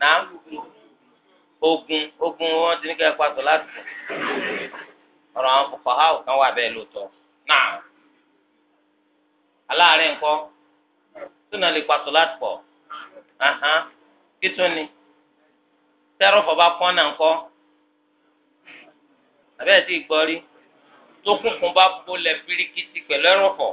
ná ogun ogun wọn ti ní kẹ́ ẹ pàtó láti ọ̀rọ̀ àwọn fuqaha kan wà bẹ́ẹ̀ lóòótọ́ náà aláàárẹ̀ ńkọ́ tó náà lè pàtó láti pọ̀ kí tún ni tẹ́rọ̀fọ̀ bá pọ́n náà ńkọ́ abẹ́ẹ̀ tí ì gbọ́ rí tó kúnkún bá bolẹ̀ birikiti pẹ̀lú ẹ̀rọ̀fọ̀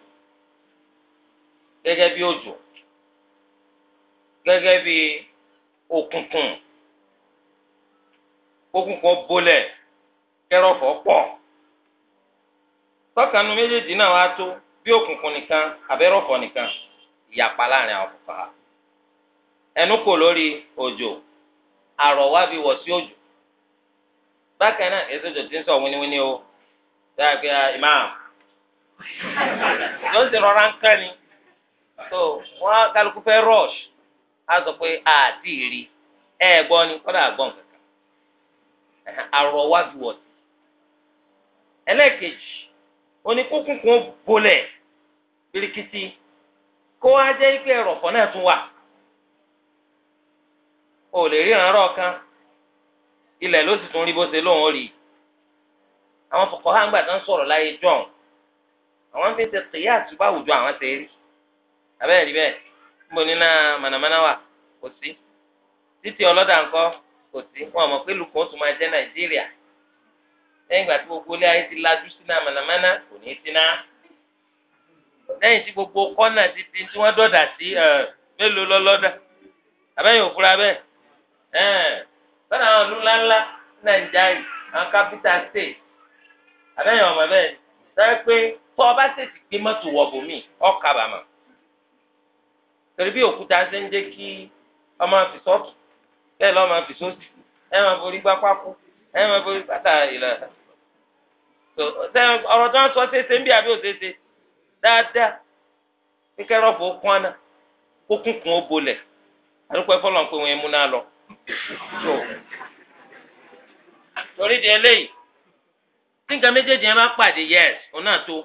gẹ́gẹ́ bí òjò gẹ́gẹ́ bí òkùnkùn òkùnkùn bolẹ̀ kẹrọ̀fọ̀ pọ̀ tọ́kanu méjèèjì náà wá tó bí òkùnkùn nìkan abẹ́rọ̀fọ̀ nìkan ìyapa láàrin àwọn kọ̀ọ̀kan ẹnu kò lórí òjò àrọ̀wá bí wọ̀ sí òjò bákan náà èso òjò ti ń sọ o dáa ah, rọra ń so wọn kálukú fẹ́ rush á sọ pé àti ìrì ẹ gbọ́ ni kọ́dà gbọ́ nǹkan àrọ̀ wájú ọ̀tí ẹlẹ́ẹ̀kejì oníkókùnkùn bolẹ̀ birikiti kó wá jẹ́ ike ẹ̀rọ̀fọ̀ náà tún wà o lè rí ìrànlọ́ kan ilẹ̀ ló sì tún rí bó ṣe lóun ó rí àwọn fọkànlá ń gbà tán sọ̀rọ̀ láyé john àwọn fi ń ṣe kìyà àtúbáwùjọ àwọn ṣe rí abẹ́rẹ́ rí bẹ́ẹ̀ níbo ní náà mànàmáná wà kò sí títí ọlọ́dà ńkọ́ kò sí wọn mọ̀ pé lùkọ́ tó máa jẹ́ nàìjíríà lẹ́yìn ìgbà tí gbogbo ilé ayé ti lajú sí náà mànàmáná kò ní í sí náà lẹ́yìn tí gbogbo kọ́nà ti di tí wọ́n dọ̀dà sí mélòó lọ́lọ́dà abẹ́yìn òfurá bẹ́ẹ̀ sọ́dọ̀ àwọn ìlú ńláńlá nàìjíríà àwọn capital state abẹ́yìn ọmọ bẹ́ẹ̀ sọ pé tọ́ ọ bá tètè gbé mọ́tò wọ̀ bòmí ọ̀ kábàámọ̀ torí bí òkúta ṣe ń jẹ́ kí ọmọ ma bẹ́ẹ̀ lọ́mọ àfìsọ́tù ẹ máa borí gbá ẹ máa borí pátá ìlà tó ń sọ ṣeéṣe ń bí dáadáa kíkẹ́ rọ́ọ̀bù ó kún àná ó kún kún ó bolẹ̀ pé wọ́n lọ. torí di eléyìí tí nǹkan méjèèjì pàdé òun náà tó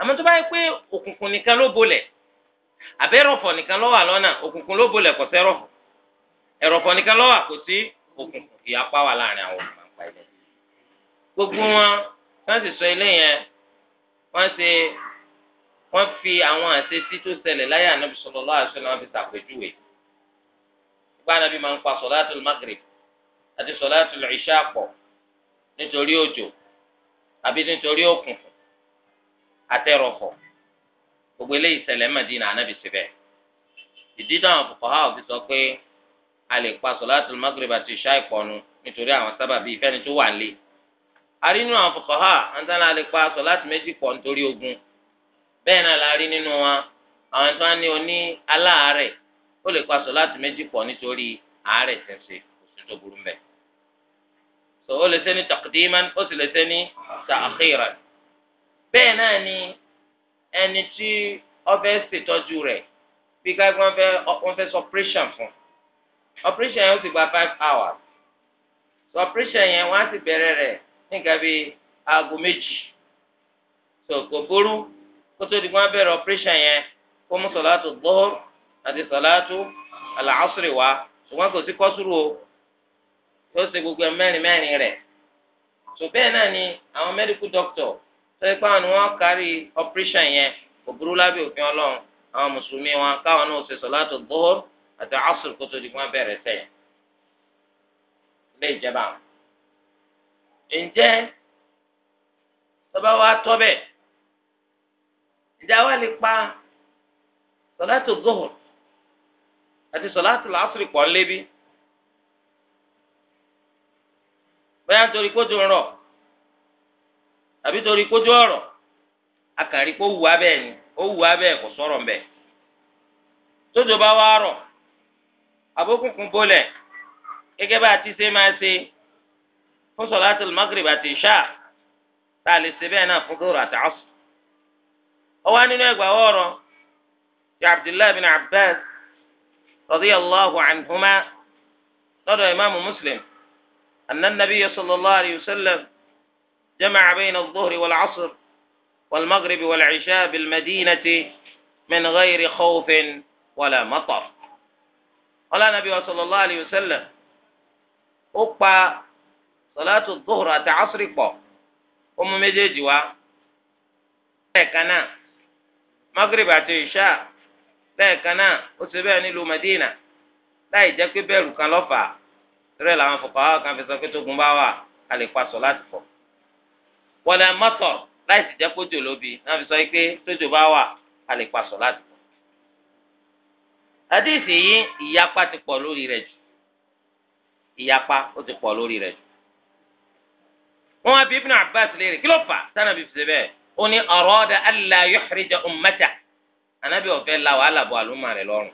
àmọ́ tó bá yẹ pé òkùnkùn nìkan ló bolẹ̀. àbẹ́rọ̀fọ̀ nìkan ló wà lọ́nà òkùnkùn ló bolẹ̀ kò sẹ́rọ̀ ẹ̀rọ̀fọ̀ nìkan ló wà kò sí òkùnkùn ìyapa wà láàrin àwọn olùmọ̀ọ́pá ilẹ̀ gbogbo wọn wọ́n sì sọ ilé yẹn wọ́n ṣe wọ́n fi àwọn àṣetí tó ṣẹlẹ̀ láyé ànábì sallallahu alaihi wasallam fi ṣàpèjúwe ìgbà ànábì máa ń pa sọ̀láàtù magrib àti sọ̀láàtù ìṣá pọ̀ nítorí òjò àbí nítorí òkùnkùn àtẹ̀rọ̀fọ̀ gbogbo eléyìí ṣẹlẹ̀ Madina anabi síbẹ̀ ìdí táwọn fuqaha òfin sọ pé a lè pa solatul maghrib àti ìṣá ìpọnu nítorí àwọn sábàbí ìfẹ́ni tó wà nílé àrí nínú àwọn fuqaha àǹtánà lè pa solat méjì pọ̀ nítorí ogun bẹ́ẹ̀ náà la rí nínú wa àwọn tó ń ní oní aláàárẹ̀ ó lè pa solat méjì pọ̀ nítorí àárẹ̀ tẹ̀sẹ̀ oṣù tó burú mbẹ́ ó lè ṣe ní taqdiman ó sì lè ṣe ní ta'khiran bẹ́ẹ̀ náà ni ẹni tí wọ́n fẹ́ ṣètọ́jú rẹ̀ bí ká wọ́n fẹ́ wọ́n fẹ́ sọpírẹ́ṣàn fún operation yẹn ó ti gba five hours so operation yẹn wọ́n á ti bẹ̀rẹ̀ rẹ̀ nígbà bí aago méjì so kò burú kótó di wọ́n bẹ̀rẹ̀ operation yẹn kó mú sọ̀láàtù dhuhr àti sọ̀láàtù al-asri wá ṣùgbọ́n kò sí kọ́sùrù o yóò ṣe gbogbo mẹ́rin mẹ́rin rẹ̀ so bẹ́ẹ̀ náà ni àwọn medical doctor sọ́yìn pé àwọn ni wọ́n kárí operation yẹn kò burú lábẹ́ òfin ọlọ́run àwọn mùsùlùmí wọn káwọn náà ṣe sọ̀látù dhuhr àti asr kó tó di wọn bẹ̀rẹ̀ sẹ́yìn ilé ìjẹba àwọn. ǹjẹ́ tọ́ba wa tọ́ bẹ́ẹ̀ ǹjẹ́ àwa lè pa sọ̀látù dhuhr àti sọ̀látù asr pọ̀ ńlẹ́bí bóyá nítorí kó tó ń rọ̀ tàbí torí kójú ọ̀rọ̀ akàrí kó wù abẹ́ ni ó wù abẹ́ kò sọ̀rọ̀ mbẹ́ tójò bá wá rọ̀ abókùnkùn bólẹ̀ gẹ́gẹ́ bá a ti ṣe máa ṣe fún sọ̀látùl magrib àti ìṣá tá a lè ṣe bẹ́ẹ̀ náà fún dòrò àti ọ̀sùn. ọwọ́ nínú ẹgbàá ọ̀rọ̀ ti abdullahi bin abbas radiyallahu anhuma lọ́dọ̀ imaamu muslim anna nabiyyu sallallahu alayhi wa sallam. جمع بين الظهر والعصر والمغرب والعشاء بالمدينة من غير خوف ولا مطر قال النبي صلى الله عليه وسلم أقبى صلاة الظهر أتعصر أم مجيجوا كنا مغرب عشاء lẹ́ẹ̀kan náà ó مدينة لا يجب أن يكون لفا ترى bẹ́ẹ̀rù فقهاء كان في làwọn fòkàwá على fi sọ pé wala matar láì sì jẹ́ kójò lóbi náà fi sọ pé tójò bá wà a lè pa sọ láti pọ̀. àdéhìsì yìí ìyapa ti pọ̀ lórí rẹ̀ jù ìyapa ó ti pọ̀ lórí rẹ̀ jù. wọ́n wá bí Ibn Abbas léèrè kí ló fà sànà bí fìdí bẹ́ẹ̀ ó ní arada alla yuhrija ummata ànábì ọ̀fẹ́ la wàhálà bọ̀ àlùmọ̀ rẹ̀ lọ́rùn.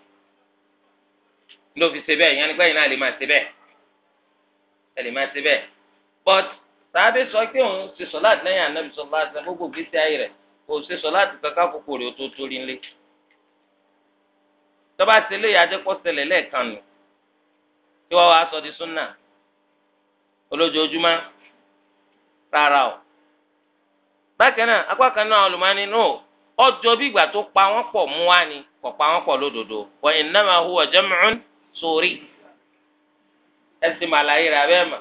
ló fi ṣe bẹ́ẹ̀ yẹn nígbà yìí náà lè máa ṣe bẹ́ẹ̀ lè máa ṣe bẹ́ẹ̀ but sàábé sọ pé òun ṣe sọ láti lẹ́yìn ànábì sọ bá ṣe gbogbo gbèsè ayé rẹ̀ kò ṣe sọ láti kankan kókó rẹ̀ tó torí ńlẹ̀ tọ́ba ṣe lé ìyájẹ́pọ̀ ṣẹlẹ̀ lẹ́ẹ̀kan nù kí wọ́n wá sọ di súnà olójoojúmọ́ rárá o bákan náà apá kan náà olùmọ́ni nù ọjọ́ bí ìgbà tó pa wọ́n pọ̀ mú wá ni kò pa wọ́n pọ̀ lódodo wa innama huwa jam'un sórí ẹ̀sìn màláyé rẹ̀ abẹ́ mọ̀.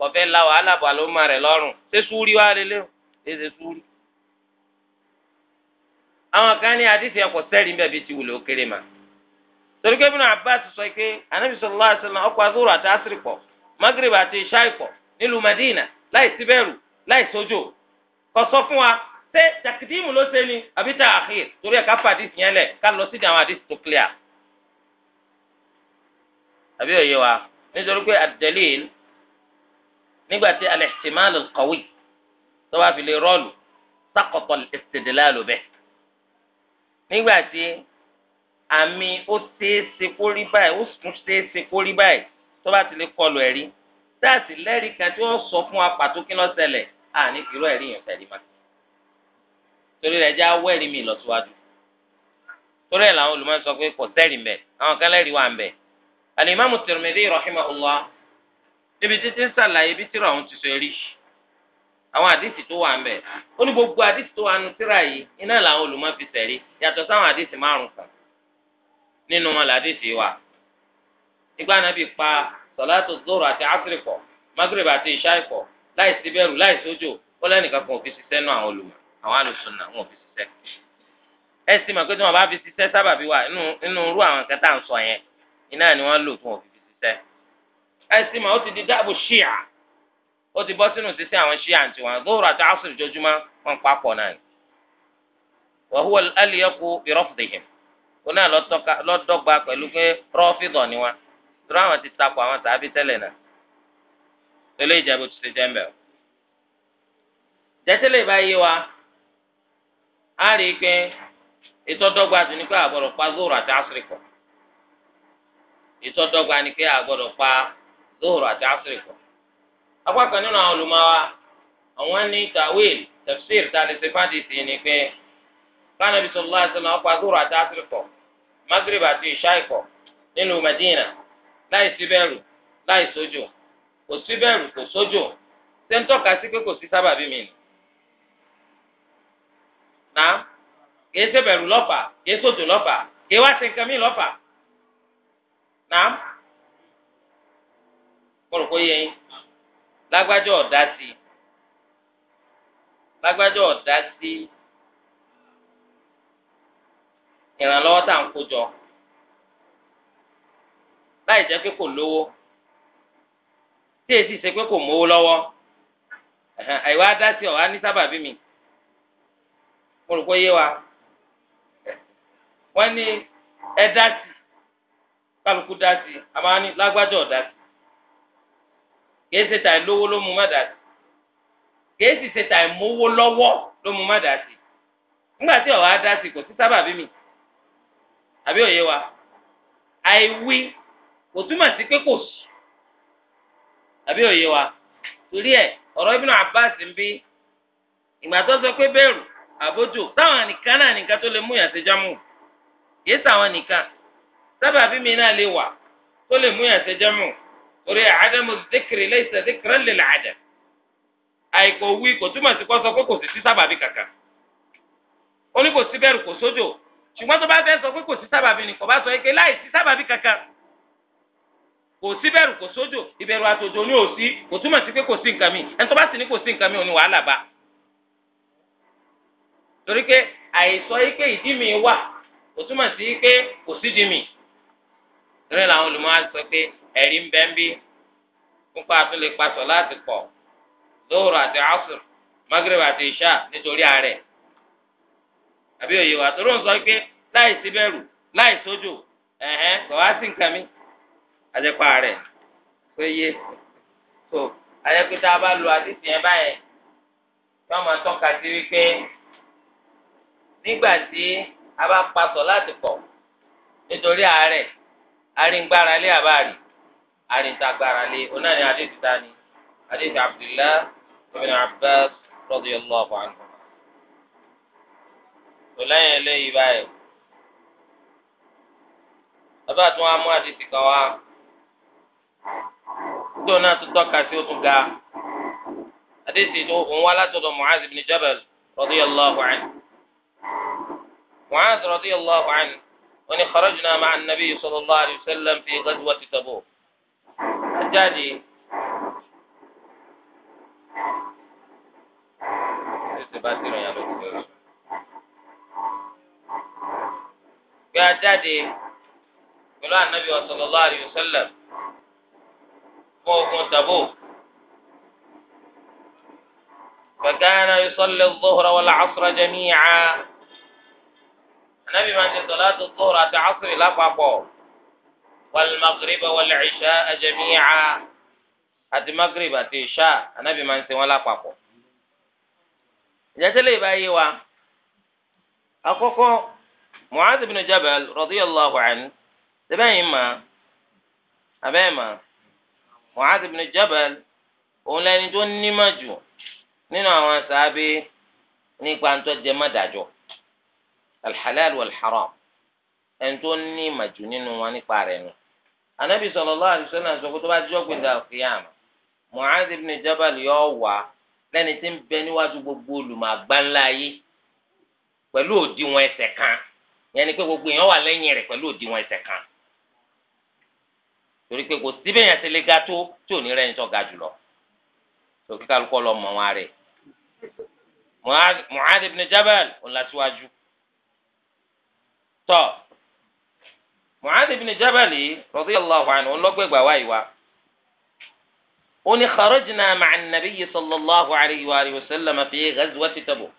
kọfẹ la wàhálà bọ àlọ ma rẹ lọ́rùn ṣé súwúrí wà lélẹ̀ o ṣé ṣe súwúrí. àwọn kan ní àdìsí ẹkọ sẹ́rìí bẹ́ẹ̀ bíi ti wùlé ó kéré ma. torí pé Ibn Abbas sọ pé anabi sallallahu alaihi wasallam ọkọ̀ azúrò àti asiri pọ̀ magreb àti ishai pọ̀ nílùú Madina láì síbẹ̀rù láì sójò kò sọ fún wa ṣé takidimu ló ṣe ni àbí tá a torí ẹ̀ ká fa àdìsí lẹ̀ ká lọ sídìí àwọn àdìsí tó clear. àbí òye wa nítorí pé ad nígbà tí al-ihtimal al-qawi tó bá fi lè rọ́ọ̀lù saqata al-istidlal bih nígbà tí àmì ó ṣeéṣe kó rí báyìí ó tún ṣeéṣe kó rí báyìí tó bá ti lè kọlu ẹ̀rí táàsì lẹ́rìí kan tí wọ́n sọ fún apàtó kí ló ṣẹlẹ̀ àní irú ẹ̀rí yẹn fẹ́ẹ́ rí má torí rẹ̀ já wẹ́rí mi lọ torí ẹ̀ làwọn olùmọ̀ sọ pé kò sẹ́rìí mbẹ̀ àwọn kan wà mbẹ̀ Al-Imam Tirmidhi rahimahullah níbi títí ń sàlàyé bí tíra òun ti sọ rí àwọn àdìsí tó wà ń bẹ ó ní gbogbo àdìsí tó wà nù tíra yìí iná làwọn olùmọ̀ fi sẹrí yàtọ̀ sáwọn àdìsí márùn kan nínú wọn làdìsí wà ìgbà Ànábì pa sọláàtò zoro àti asiri pọ̀ magreb àti ìṣáì pọ̀ láì sí bẹ̀rù láì sójò ó lẹ́nìkan kan ò fi ṣiṣẹ́ náà àwọn olùmọ̀ àwọn alùsùnà wọn ò fi ṣiṣẹ́ ẹ sì mọ̀ pé tí wọn bá fi ṣiṣẹ́ sábàbí wà nínú irú àwọn kẹta à ń sọ yẹn iná ni wọ́n lò fún òfin fi ṣiṣẹ́ ẹsìn ma ó ti di dáàbò ṣíà ó ti bọ́ sínú sísẹ àwọn ṣíà ntí wọn zuhur àti asr jojúmọ́ wọn papọ̀ náà ni wa huwa al wọn náà lọ́dọ́gba pẹ̀lú pé rọ́fìdọ̀ ni wọn tọ́lá àwọn ti takò àwọn sàábì tẹ́lẹ̀ náà tẹ́lẹ̀ ìjẹ́bù ti ṣe jẹ́tẹ́lẹ̀ wa rí i pé ìtọ́dọ́gba ti ní pé àgbọ̀dọ̀ pa àti lóhùrù àti asiri kọ apá kan nínú àwọn olùmọ̀wá àwọn ní tawil tafsir tàbí sèfáàdì sí ni pé kánàbí sọlá sọlá ọkọ lóhùrù àti asiri kọ àti ìṣáì nínú Madina láì sí láì sójò kò sí kò sójò ṣé ń pé kò sí sábàbí mi ni náà kìí ṣe bẹ̀rù lọ́fà kìí sójò lọ́fà wá sí nǹkan mi kọrọ kó yẹ yín lágbájọ ọdá sí lágbájọ ọdá sí ìrànlọ́wọ́ tá à ń kó jọ láì jẹ́ pé kò lówó tí èsì ṣe pé kò mówó lọ́wọ́ àìwá dá sí ọ wá ní sábàbí mi mo rò pé yé wa wọ́n ní ẹ dá sí kálukú dá sí àmọ́ ní lágbájọ ọdá sí kìí ṣe tàì lówó ló mú má dà sí kìí sì ṣe tàì mówó lọ́wọ́ ló mú má dà sí nígbà tí ọ̀rọ̀ dá sí kò sí sábàbí mi àbí òye wa àìwí kò túmọ̀ sí pé kò sí àbí òye wa torí ẹ ọ̀rọ̀ Ibn Abbas ń bí ìgbà tó sọ pé bẹ́ẹ̀rù àbójú táwọn nìkan náà nìkan tó lè mú yàtọ̀ jámù kìí sàwọn nìkan sábàbí mi náà lè wà tó lè mú yàtọ̀ jámù torí àdámù zikiri laysa zikran lil adam àìkò wí kò túmọ̀ sí kó sọ pé kò sì sí sábàbí kankan ó ní kò sí bẹ́ẹ̀rù kò sójò ṣùgbọ́n tó bá fẹ́ sọ pé kò sí sábàbí ni kò bá sọ ike láì sí sábàbí kankan kò sí bẹ́ẹ̀rù kò sójò ìbẹ̀rù àtòjò ni ò sí kò túmọ̀ sí pé kò sí nǹkan mi ẹni tó bá sì ní kò sí nǹkan mi ò ní wàhálà bá torí pé àìsọ ike ìdí mi wà kò túmọ̀ sí pé kò sídìí mi rẹ̀ làwọn olùmọ̀ á sọ pé ẹ̀rí ń bẹ́ ń bí nípa àtúnlé pasọ̀ láti pọ̀ lóòrò àti asùr magreb àti ìṣá nítorí ààrẹ àbí òye wa tó ló ń sọ pé láì sí bẹ̀rù láì sójò ẹ̀hẹ́n kò wá sí nǹkan mi àjẹpá rẹ̀ pé yé tó àjẹpé tá a bá lo àdìsí yẹn báyẹn tí wọ́n máa tọ́ka sí wípé nígbà tí a bá pasọ̀ láti pọ̀ nítorí ààrẹ aríngbára lé àbáàrí arìntàgbára lé ní onáni ni tani tí Abdullah ibn Abbas radiyallahu anhu. tó lẹ́yìn eléyìí báyìí bàbá tó wá mú adéṣe kan wá tó náà tó tọ́ka sí ó tún ga adéṣe tó òun wá látọ̀dọ̀ Mu'az ibn Jabal allah allah radiyallahu anhu. معاذ رضي الله عنه ونخرجنا مع النبي صلى الله عليه وسلم في غزوة تبوك jáde. Ṣé bá ti rìn àlọ́ ìgbẹ́ rẹ̀? Gbé a jáde pẹ̀lú ànábì sallallahu alaihi wasallam fún ogun tàbó. فكان يصلي الظهر والعصر جميعا النبي ما صلاة الظهر àti asr lápapọ̀ والمغرب والعشاء جميعا àti magrib àti ìṣá ànábì máa ń ṣe wọn lápapọ̀. ìjẹ́tẹ́lẹ̀ ìbáyé wa àkọ́kọ́ mu'adh bin jabal radiyallahu anhu sẹ́bẹ̀yìn mà abẹ́ẹ̀ mà mu'adh bin jabal òun lẹ́ni tó nímọ̀ jù nínú àwọn sàábé nípa ntọ́ jẹmọ́dájọ́ alḥalal wàlḥaram ẹni tó nímọ̀ jù nínú wọn nípa rẹ̀ nù. anabi sallallahu alaihi wasallam sọ pé tó bá jọ gbé ndà fìyàm Mu'adh ibn Jabal yọ wá lẹ́ni tí ń bẹ níwájú gbogbo olùmọ̀gbánlá yé pẹ̀lú òdiwọ̀n ẹsẹ̀ kan yẹn ni pé gbogbo èèyàn wà lẹ́yìn rẹ̀ pẹ̀lú òdiwọ̀n ẹsẹ̀ kan torí pé kò síbẹ̀ yẹn ti lè ga tó tí ò ní rẹ́ni tó ga jùlọ tòkí kálukọ́ lọ mọ̀ wọn rẹ̀ Mu'adh ibn Jabal ọ̀làsíwájú tọ́ mu'adh ibn jabali radiyallahu anhu ọlọ́gbẹ̀gbà wáyé wa ó ní kharajna ma'a an-nabiy sallallahu alayhi wa alihi wa sallam fi ghazwati Tabuk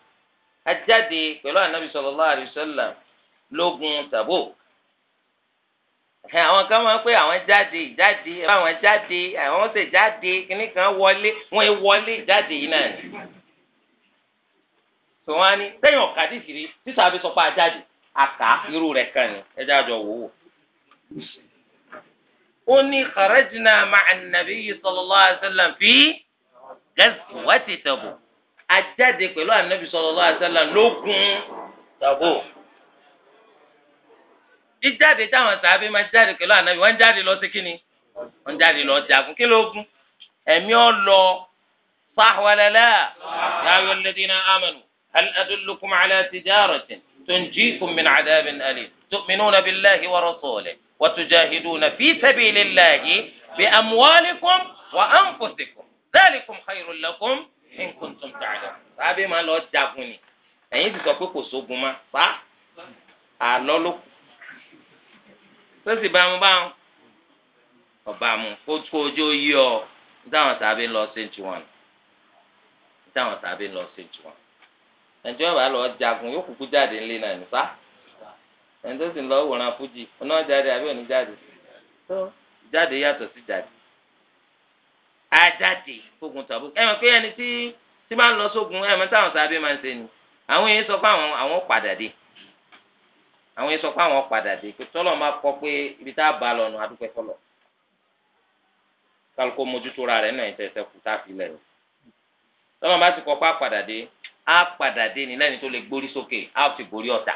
a jáde pẹ̀lú anabi sallallahu alayhi wa sallam lógun Tabuk àwọn kan máa ń pé àwọn jáde jáde àwọn jáde àwọn ṣe jáde kíní kan wọlé wọn e wọlé jáde yìí náà ni. tòun á ní sẹ́yìn ọ̀kadì sí rí sísàbí sọ jáde àká irú rẹ̀ kan ni ẹ jáde ọ̀wọ́ ó ní kharajna ma'a nabiyyi sallallahu alaihi wasallam fi gazwati Tabu ajáde pẹ̀lú ànábì sallallahu alaihi wasallam lókun Tabu jíjáde táwọn sàábé máa jáde pẹ̀lú ànábì wọ́n jáde lọ sí kínni wọ́n jáde lọ jagun kí ló gún ẹ̀mí ọ lọ sáhùwálẹ́lá yáyọ lẹ́dínà amanu hal adullukum ala tijaratin tunjikum min adabin alim tu'minuna billahi wa rasulihi. وتجاهدون في سبيل الله بأموالكم وأنفسكم ذلكم خير لكم إن كنتم تعلمون sábẹ́ máa lọ jagun ni ẹ̀yin ti sọ pé kò sógun ma pa àlọ́ ló kù tó bá mu bá mu ọba mu kó ojú yí ọ táwọn sábẹ́ lọ sí wọn táwọn sábẹ́ lọ sí wọn ẹ̀jọ̀ bá lọ jagun yóò kúkú jáde ńlẹ̀ náà nípa ẹni tó sì ń lọ wòran fújì ọ̀nà jáde àbí òní jáde tó jáde yàtọ̀ sí jáde ajáde fógun tàbó ẹ mọ̀ pé ẹni tí tí máa ń lọ sógun ẹ mọ̀ táwọn sábẹ́ máa ń ṣe ni àwọn èèyàn sọ pé àwọn àwọn padà dé àwọn èèyàn sọ pé àwọn padà dé pé tọ́lọ̀ máa kọ pé ibi tá a bá lọ nù adúpẹ́ kọlọ̀ kálukó mójútó ra rẹ̀ náà ẹ̀ tẹ̀sẹ̀ kù tá a fi lẹ̀ o tọ́lọ̀ bá ti kọ pé a padà dé a padà dé ni lẹ́ni tó lè gbórí sókè a fi borí ọ̀tá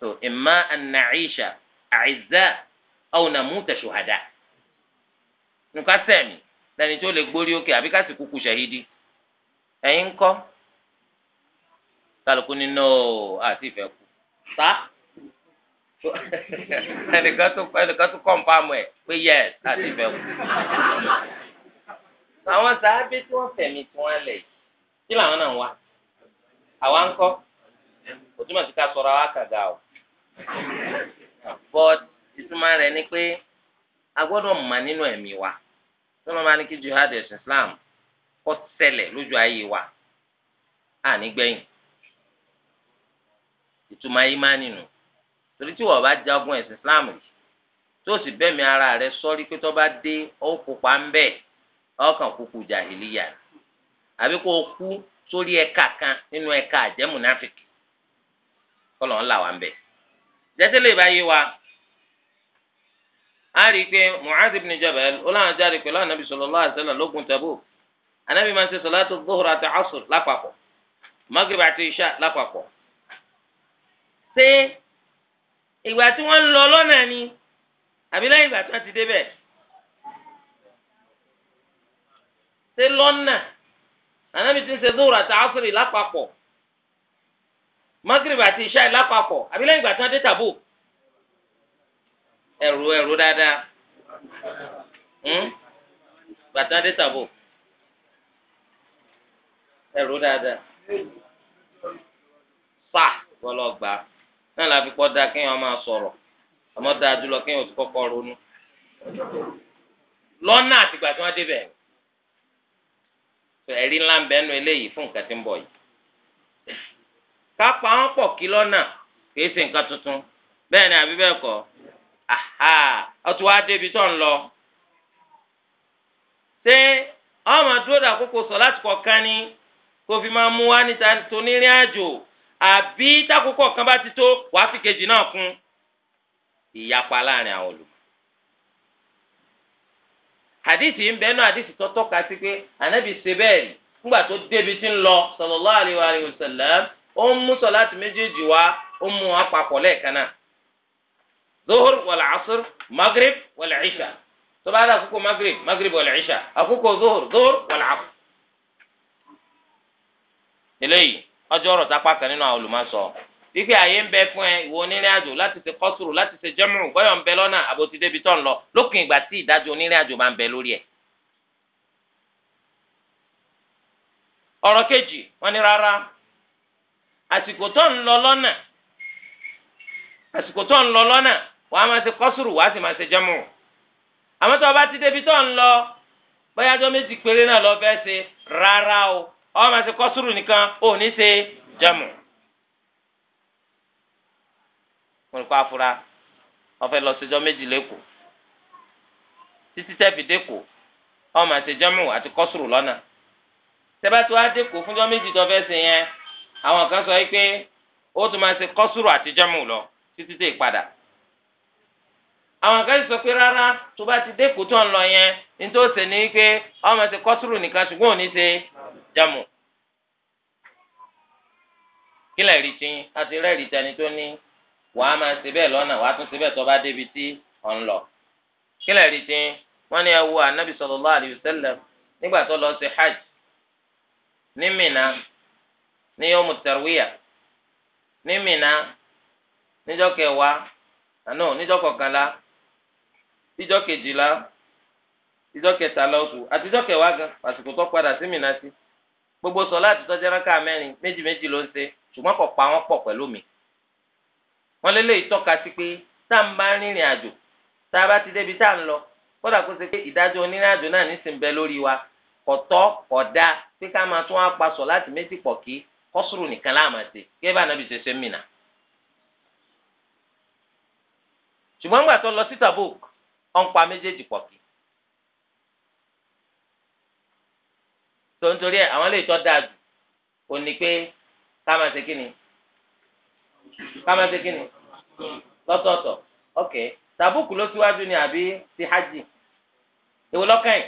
so imma an na'isha a'izza aw namuta shuhada nǹkan sẹ́mi lẹ́ni tó lè gbórí òkè àbí ká sì kúkú ṣahidi ẹ̀yin ń kọ́ kálukú nínú àti ìfẹ́ kú sá [LAUGHS] ẹnìkan tó ẹnìkan tó kọ̀ǹpáàmù ẹ̀ pé yẹ àti ìfẹ́ kú. àwọn sàábé tí wọ́n fẹ̀mí tí wọ́n lẹ̀ kí làwọn náà wá àwa ń kọ́ òtún màsíkà sọ̀rọ̀ àwa kàga o. but ìtumọ̀ rẹ̀ ni pé a gbọ́dọ̀ mọ̀ nínú wa tó máa ní kí jihad ẹ̀sìn Islam kó lójú ayé wa a ní gbẹ̀yìn ìtumọ̀ ayé má nínú torí tí wọ́n bá jagun ẹ̀sìn Islam yìí sì ara rẹ sọ́rí pé tó bá dé ó kópa ń bẹ̀ ọkàn kúkú jàhìlíyà àbí kó o kan nínú ẹ̀ka àjẹmúnáfíkì kọ́ lọ́n là jẹ́tẹ́lẹ̀ ìbáyé wa a rí i pé Mu'adh ibn Jabal ọlọ́run jáde pẹ̀lú anabi sallallahu alaihi wasallam lógun Tabuk anabi máa ń ṣe salatu dhuhra àti asr lápapọ̀ maghrib àti isha lápapọ̀ ṣé ìgbà tí wọ́n ń lọ lọ́nà ni àbí lẹ́yìn ìgbà tí wọ́n ti débẹ̀ ṣé lọ́nà anabi ti ń ṣe dhuhra àti asr lápapọ̀ magrib àti ìṣáì lápapọ̀ àbí lẹ́yìn ìgbà tí wọ́n dé tàbó ẹ̀rù ẹ̀rù dáadáa hmm? ìgbà tí wọ́n dé tàbó ẹ̀rù dáadáa pa bọ́lọ́gba náà la fi kọ́ da kéèyàn máa sọ̀rọ̀ àmọ́ dáa jùlọ kéèyàn ti kọ́kọ́ ronú lọ́nà àtìgbà tí wọ́n débẹ̀ ẹ̀rí ńlá ń bẹ́ẹ̀ nu eléyìí fún nǹkan tí ń bọ̀ yìí kápá wọn pọ̀ kí lọ́nà kìí ṣe nǹkan tuntun bẹ́ẹ̀ ni àbí bẹ́ẹ̀ kọ́ aha ọtún wá débi tó ń lọ. ṣé ọmọ dúró dàkókò sọ láti kọ̀ọ̀kan ni kò fi máa mú wá níta tó ní rìn àjò àbí tákòókò kan bá ti tó wàá fi kejì náà kún ìyapa láàrin àwọn olùkọ́ hadithi ń bẹ́ẹ̀ náà hadithi tó tọ́ka sí pé ànábì ṣe bẹ́ẹ̀ nígbà tó débi tí ń lọ sallallahu alaihi wa sallam ó ń mú sọláàtì méjèèjì wá ó mú wọn papọ̀ lẹ́ẹ̀kan náà zohor wàlẹ̀ asur magreb wàlẹ̀ isha tó bá dé àkókò magreb magreb wàlẹ̀ isha àkókò zohor zohor wàlẹ̀ asur. eléyìí ọjọ́ ọ̀rọ̀ tápá kan nínú àwọn olùmọ̀sọ wípé àyè ń bẹ fún ẹ ìwọ onírìn àjò láti ṣe kọ́sùrù láti ṣe jẹ́mùrù bọ́yọ̀ ń bẹ lọ́nà àbòtí débi tọ́ ń lọ ìgbà tí ìdájọ́ onírìn àjò máa ń bẹ àsìkò tó ń lọ lọ́nà àsìkò tó ń lọ lọ́nà wàá máa ṣe kọ́sùrù wàá sì máa ṣe jámù àmọ́ tó o bá ti débi tó ń lọ bóyá ọjọ́ méjì péré náà lọ fẹ́ ṣe rárá o ọ máa ṣe kọ́sùrù nìkan ò ní ṣe jámù. mo ní kó afura wọ́n fẹ́ lọ ṣèjọ́ méjì lẹ́kọ̀ọ́ títí tẹ́fì dẹ́kọ̀ọ́ ọ máa ṣe jámù àti kọ́sùrù lọ́nà tẹ́bátú á dẹ́kọ̀ọ́ fúnjọ́ méjì tó fẹ́ ṣe yẹn àwọn kan sọ pé ó tún máa ṣe kọ́sùrù àti jámù lọ títí tẹ̀ padà àwọn kan sọ pé rárá tó bá ti dẹ́kun tó ń yẹn nítorí ó ṣe ní pé ó máa ṣe kọ́sùrù nìkan ṣùgbọ́n ò ní ṣe jámù kílẹ̀ rí tiyín àti rẹ́ẹ̀rì tani tó ní wàá máa ṣe bẹ́ẹ̀ lọ́nà wàá tún ṣe bẹ́ẹ̀ tó bá débi tí ọ̀ ń lọ. rí tiyín wọ́n ní ẹ wo hajj ní ní yọmu tarwiya ní mina níjọ́ kẹwàá àná níjọ́ kọkànlá níjọ́ kejìlá níjọ́ kẹtàlá oṣù àtijọ́ kẹwàá gan àsìkò tó padà sí mina sí gbogbo sọlá àtijọ́ jẹ́rẹ́ká mẹ́rin méjì méjì ló ń ṣe ṣùgbọ́n kò pa wọ́n pọ̀ pẹ̀lú mi wọ́n lé léyìí tọ́ka sí pé tá à ń bá rìnrìn àjò tá a bá ti débi tá à lọ kódà kó ṣe pé ìdájọ́ onírìn àjò náà nísìnyí bẹ lórí wa kọ̀tọ́ kódà pé ká máa tún wá pa méjì pọ̀ kí kọ́sùrù nìkan láàmà se kí ẹ bá nàbì ṣẹṣẹ mìnà. ṣùgbọ́n gbà tó lọ sí Tabuk ọ̀npa méjèèjì pọ̀ kí. tó ń torí ẹ àwọn lè tọ́ dáa jù ò ní pé ká máa ṣe kíni ká máa ṣe kíni lọ́tọ̀ọ̀tọ̀ ok Tabuk ló síwájú ni àbí ti hajj èwo yìí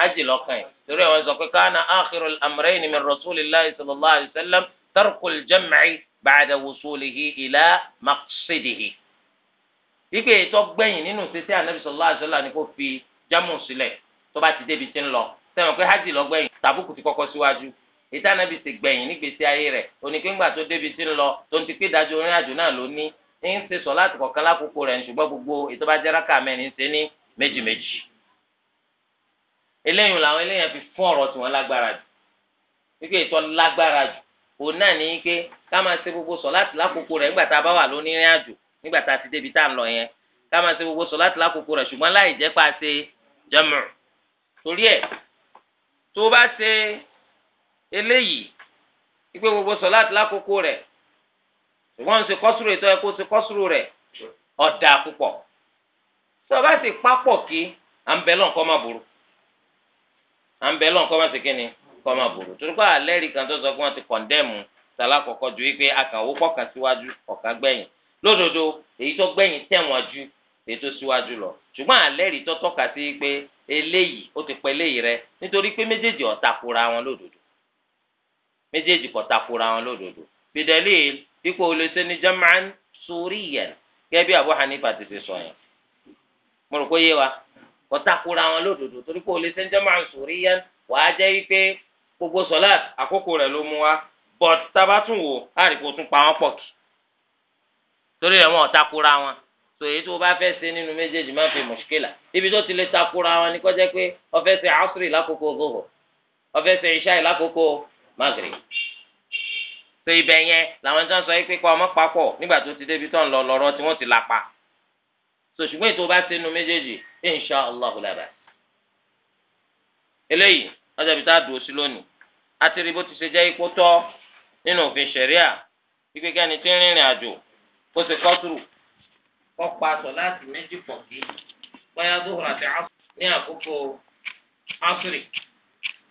hajj lọ́kàn yìí torí كان sọ pé من akhirul الله صلى الله عليه وسلم ترك الجمع بعد وصوله ba'da مقصده. ila maqsidihi. wípé ètò gbẹ̀yìn nínú sẹ́sẹ́ anabi sallallahu alayhi wa sallam ni kò fi jamu sílẹ̀ tó bá ti débi tí ń lọ sẹ́wọ̀n pé hajj lọ gbẹ̀yìn tàbùkù ti kọ́kọ́ síwájú ètò anabi ti gbẹ̀yìn nígbèsí ayé rẹ̀ oníkéńgbà tó débi tí ń lọ tó ń ti pé dájú orin àjò náà ló ní ń ṣe sọ láti kọ̀ọ̀kan lákòókò rẹ̀ ṣùgbọ́n gbogbo ètò bá jẹ́ rákà mẹ́rin ṣe ní méjì méjì eléyìn làwọn eléyìn fi fún ọ̀rọ̀ tiwọn lágbára jù wípé ìtọ́ lágbára jù òun náà ní pé ká máa ṣe gbogbo sọ láti lákòókò rẹ̀ nígbà tá a bá wà lóní ìrìn àjò nígbà tá a ti débi tá a ń lọ yẹn ká máa ṣe gbogbo sọ láti lákòókò rẹ̀ ṣùgbọ́n láì jẹ́ pa ṣe jẹ́mọ̀ torí ẹ̀ tó bá ṣe eléyìí wípé gbogbo sọ láti lákòókò rẹ̀ ṣùgbọ́n ń ṣe kọ́sùrù ètò ẹ̀kọ́ ṣe kọ́sùrù rẹ̀ ọ̀dà púpọ̀ tó bá sì pápọ̀ kí à ń má burú à ń bẹ lọ́n kọ́ máa ti kí ni kọ́ máa burú torí pé àlẹ́rìí kan tó sọ pé wọ́n ti kọ̀ndẹ́mù sàlá kọ̀kọ́ ju wípé akàwó kọ̀ọ̀kan síwájú ọ̀kan gbẹ̀yìn lódodo èyí tó gbẹ̀yìn tẹ̀wọ̀n ju èyí tó síwájú lọ ṣùgbọ́n àlẹ́rìí tó tọ́ka sí pé eléyìí ó ti pẹ́ eléyìí rẹ nítorí pé méjèèjì ò takora wọn lódodo méjèèjì kò takora wọn lódodo bìdẹ́lì ipò olóṣè ní jam'an suriyan gẹ́gẹ́ bí Abu Hanifa ti ṣe sọ mo rò pé yé wa kọ́tàkùrà wọn lódodo torí pé lè sẹ́ńtẹ́ máa ń sòrí yẹn wàá jẹ́ wípé gbogbo sọ́láàt àkókò rẹ̀ ló mú wa bọ̀t tábà tún wò á tún pa wọ́n pọ̀ kì torí ẹ̀ wọn ọ̀tàkùrà wọn tò èyí tó o bá fẹ́ ṣe nínú méjèèjì má fi mùṣkílà ibi tó ti lè takùrà wọn ni kó jẹ́ pé ó ṣe asri lákòókò zuhur ó ṣe ìṣáì lákòókò maghrib tó ibẹ̀ yẹn làwọn tó sọ yìí pé kó ọmọ papọ̀ nígbà tó ti débi tó ń lọ lọ́rọ́ tí wọ́n ti la pa so ṣùgbọ́n ètò bá ṣe nu méjèèjì insha allah laba eléyìí ọjọ́ ibi tá a dùn sí lónìí àti rí bó ti ṣe jẹ́ ipò tọ́ nínú òfin ṣẹ̀ríà wípé kẹ́ni tí ń rìnrìn àjò kó ṣe kọ́tùrù kó pa aṣọ láti méjì pọ̀ kí bóyá zuhur àti asr ní àkókò asri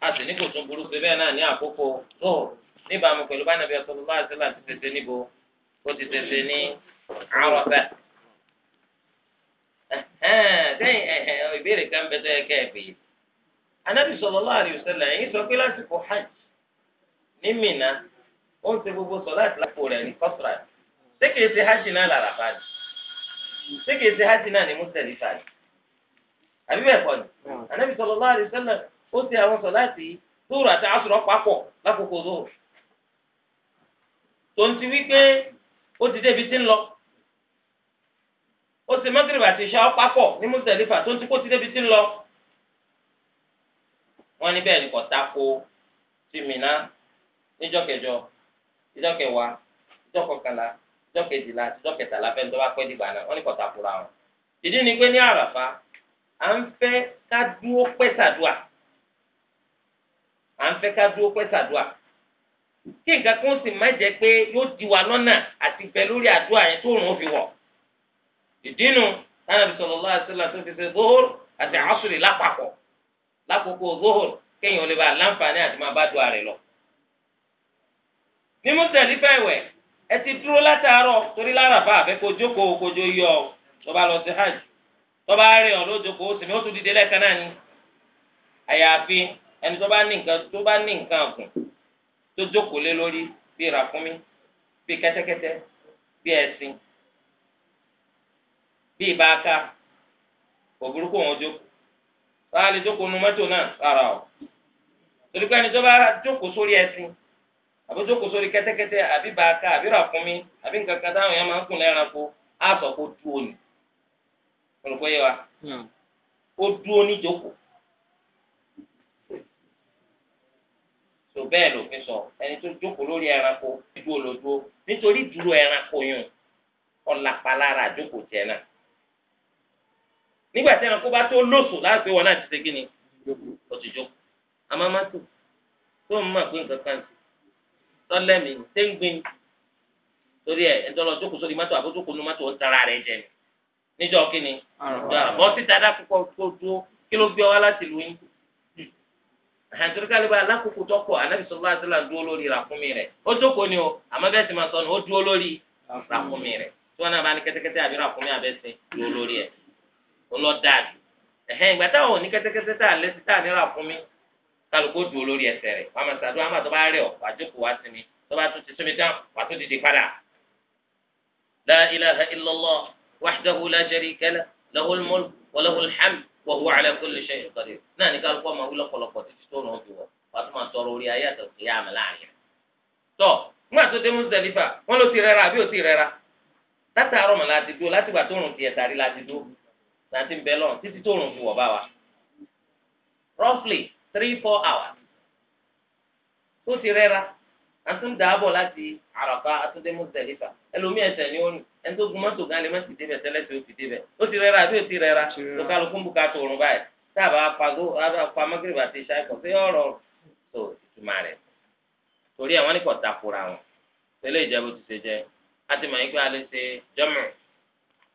àti ní kò tún burú pé bẹ́ẹ̀ náà ní àkókò zuhur níbàámu pẹ̀lú bá nàbí ọ̀sán bá àṣẹ láti tètè níbo ó ti tètè ní Arafah. ehe ìbéèrè kan bẹ tó yẹ kẹ́ ẹ béèrè anabi sallallahu yìí sọ pé lásìkò hajj ní Mina ó ń ṣe gbogbo sọ láti lápò rẹ̀ ní kọsra ṣé kìí ṣe hajj náà lára bá ṣé kìí ṣe hajj náà ní Muzdalifa dì àbí bẹ́ẹ̀ kọ́ ni anabi sallallahu alaihi wasallam ó ṣe àwọn sọ láti lóòrò àti asùrọ papọ̀ lákòókò ti wí pé ó ti débi ó sì mọ́gìrì àti ìṣá ọ papọ̀ ní mùsùlùmí tó ń ti kó ti débi tí ń lọ. wọ́n ní bẹ́ẹ̀ ni kò tako ti Mínà níjọ́ kẹjọ ìjọ́ kẹwàá ìjọ́ kọkànlá ìjọ́ kejìlá ìjọ́ kẹtàlá fẹ́ni tó bá pẹ́ dìgbà náà wọ́n ní kò tako ra wọn. ìdí ni pé ní àràfà à ń fẹ́ ká dúró pẹ́ sàdúà à ń fẹ́ ká dúró pẹ́ sàdúà kí nǹkan kan sì má jẹ́ pé yóò di wa lọ́nà àti bẹ lórí àdúrà yẹn tó rùn ó fi wọ̀. ìdínú Ànábì sallallahu alaihi wasallam tó fi ṣe zohor àti asùrì lápapọ̀ lákòókò zohor kéèyàn lè ba láǹfààní àti máa bá do lọ. ní mùsẹ̀lì fẹ́wẹ̀ ẹ ti dúró látàárọ̀ torí láràbà àfẹ́ kó jókòó kójó yọ ọ tó lọ sí hajj tó bá rìn ọ lójókòó ó sì mí ó tún dìde lẹ́ẹ̀kan náà ni. àyàfi ẹni tó bá ní nǹkan tó bí ìbá ká kò burúkú wọn jókòó wọn á lè jókòó nu mọ́tò náà rárá o torí pé ẹni tó bá jókòó sórí ẹṣin àbí jókòó sórí kẹ́tẹ́kẹ́tẹ́ àbí bá ká àbí ràkúnmí àbí nǹkan kan táwọn èèyàn máa ń kùn lẹ́ranko á sọ kó dúró ni olùkọ́ yẹ wa hmm. ó dúró ní jókòó tó bẹ́ẹ̀ lòfin sọ ẹni tó jókòó lórí ẹranko dúró lójúó nítorí dúró ẹranko yùn ọ̀làpalára àjókòó tiẹ̀ náà nígbà tí ẹranko bá tó lóṣù láti wọn náà ti ṣe kí ni ó ti jó àmọ́ má tó tó ń mọ̀ pé nǹkan kan ti tọ́lẹ́mì ṣé ń gbin torí ẹ̀ ẹ̀ tọ́lọ́ jókòó sórí mọ́tò àbójókòó nu mọ́tò ó ń tara rẹ̀ jẹ níjọ́ kí ni bọ́ síta dákúkọ tó tó kí ló gbé ọ wá láti lu yín àtúrò kálíbà alákòókò tọkọ anábì sọlá àti là dúró lórí ràkúnmí rẹ̀ ó jókòó ni o àmọ́ bẹ́ẹ̀ sì máa sọ ni ó dúró lórí ràkúnmí rẹ̀ tí wọn náà bá ní kẹ́tẹ́kẹ́tẹ́ àbí ràkúnmí abẹsẹ dúró lórí ẹ̀ ọlọ́dàdù ẹ̀hẹ́n ìgbà táwọn òní kẹ́tẹ́kẹ́tẹ́ tá a lé sí tá a nírà fún mi kálukó dùn olórí ẹsẹ̀ rẹ̀ wàá màsà dùn àmà tó bá rẹ̀ ọ̀ wàá jókòó wá sinmi tó bá tún ti sinmi tán wàá tún dìde padà. la ilaha illallah wahdahu la sharika lah lahul mulk wa lahul hamd wa huwa ala kulli shay'in qadir náà ní kálukó ọmọ wúlọ pọ̀lọpọ̀ títí tó nà ó fi wọ wàá tún máa tọrọ orí ayé àtọ kìí àmì láàrin rẹ̀. nígbà tó dé Muzdalifa wọn ló ti rẹra láti ń bẹ lọ́run títí tó rùn fi wọ̀ bá wa roughly three four hours tó ti rẹ́ra àtúndàbọ̀ láti àràfà àtúndé mùsùlùmí ẹlòmíì ẹsẹ̀ ni ó nù ẹni tó gun mọ́tò gan lè má ti débẹ̀ tẹ́lẹ̀ tí ó ti débẹ̀ ó ti rẹ́ra àbí ó ti rẹ́ra tó kálukú ń buka tó rùn báyìí táàbà pàgó àbá magreba ti ṣàìkọ̀ sí ọ̀rọ̀ tó ìtumọ̀ rẹ̀ torí àwọn ní kò takora wọn tẹ́lẹ̀ ìjẹ́bù ti ṣe jẹ́ àti màá yín pé ṣe jọ́mọ̀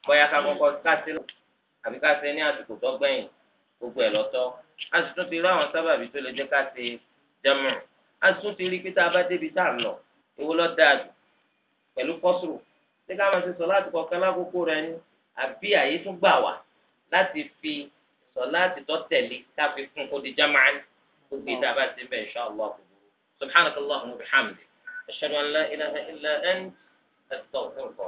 bóyá ká kọ́kọ́ ká sílẹ̀ àbí ká ṣe ní àsìkò tó gbẹ̀yìn gbogbo ẹ̀ lọ́tọ̀ a sì tún ti rí àwọn sábàbí tó lè jẹ́ ká ṣe jámù a sì tún ti rí pété abá débi tá à ń lọ ewu lọ dáa jù pẹ̀lú kọ́sùrù ṣé ká máa ṣe sọ láti kọ̀ọ̀kan lákòókò rẹ ni àbí àyè tún gbà wá láti fi sọ láti tọ́ tẹ̀lé ká fi kún kó di jámù àná gbogbo ìta abá ti bẹ̀ insha Allah wa bihamdik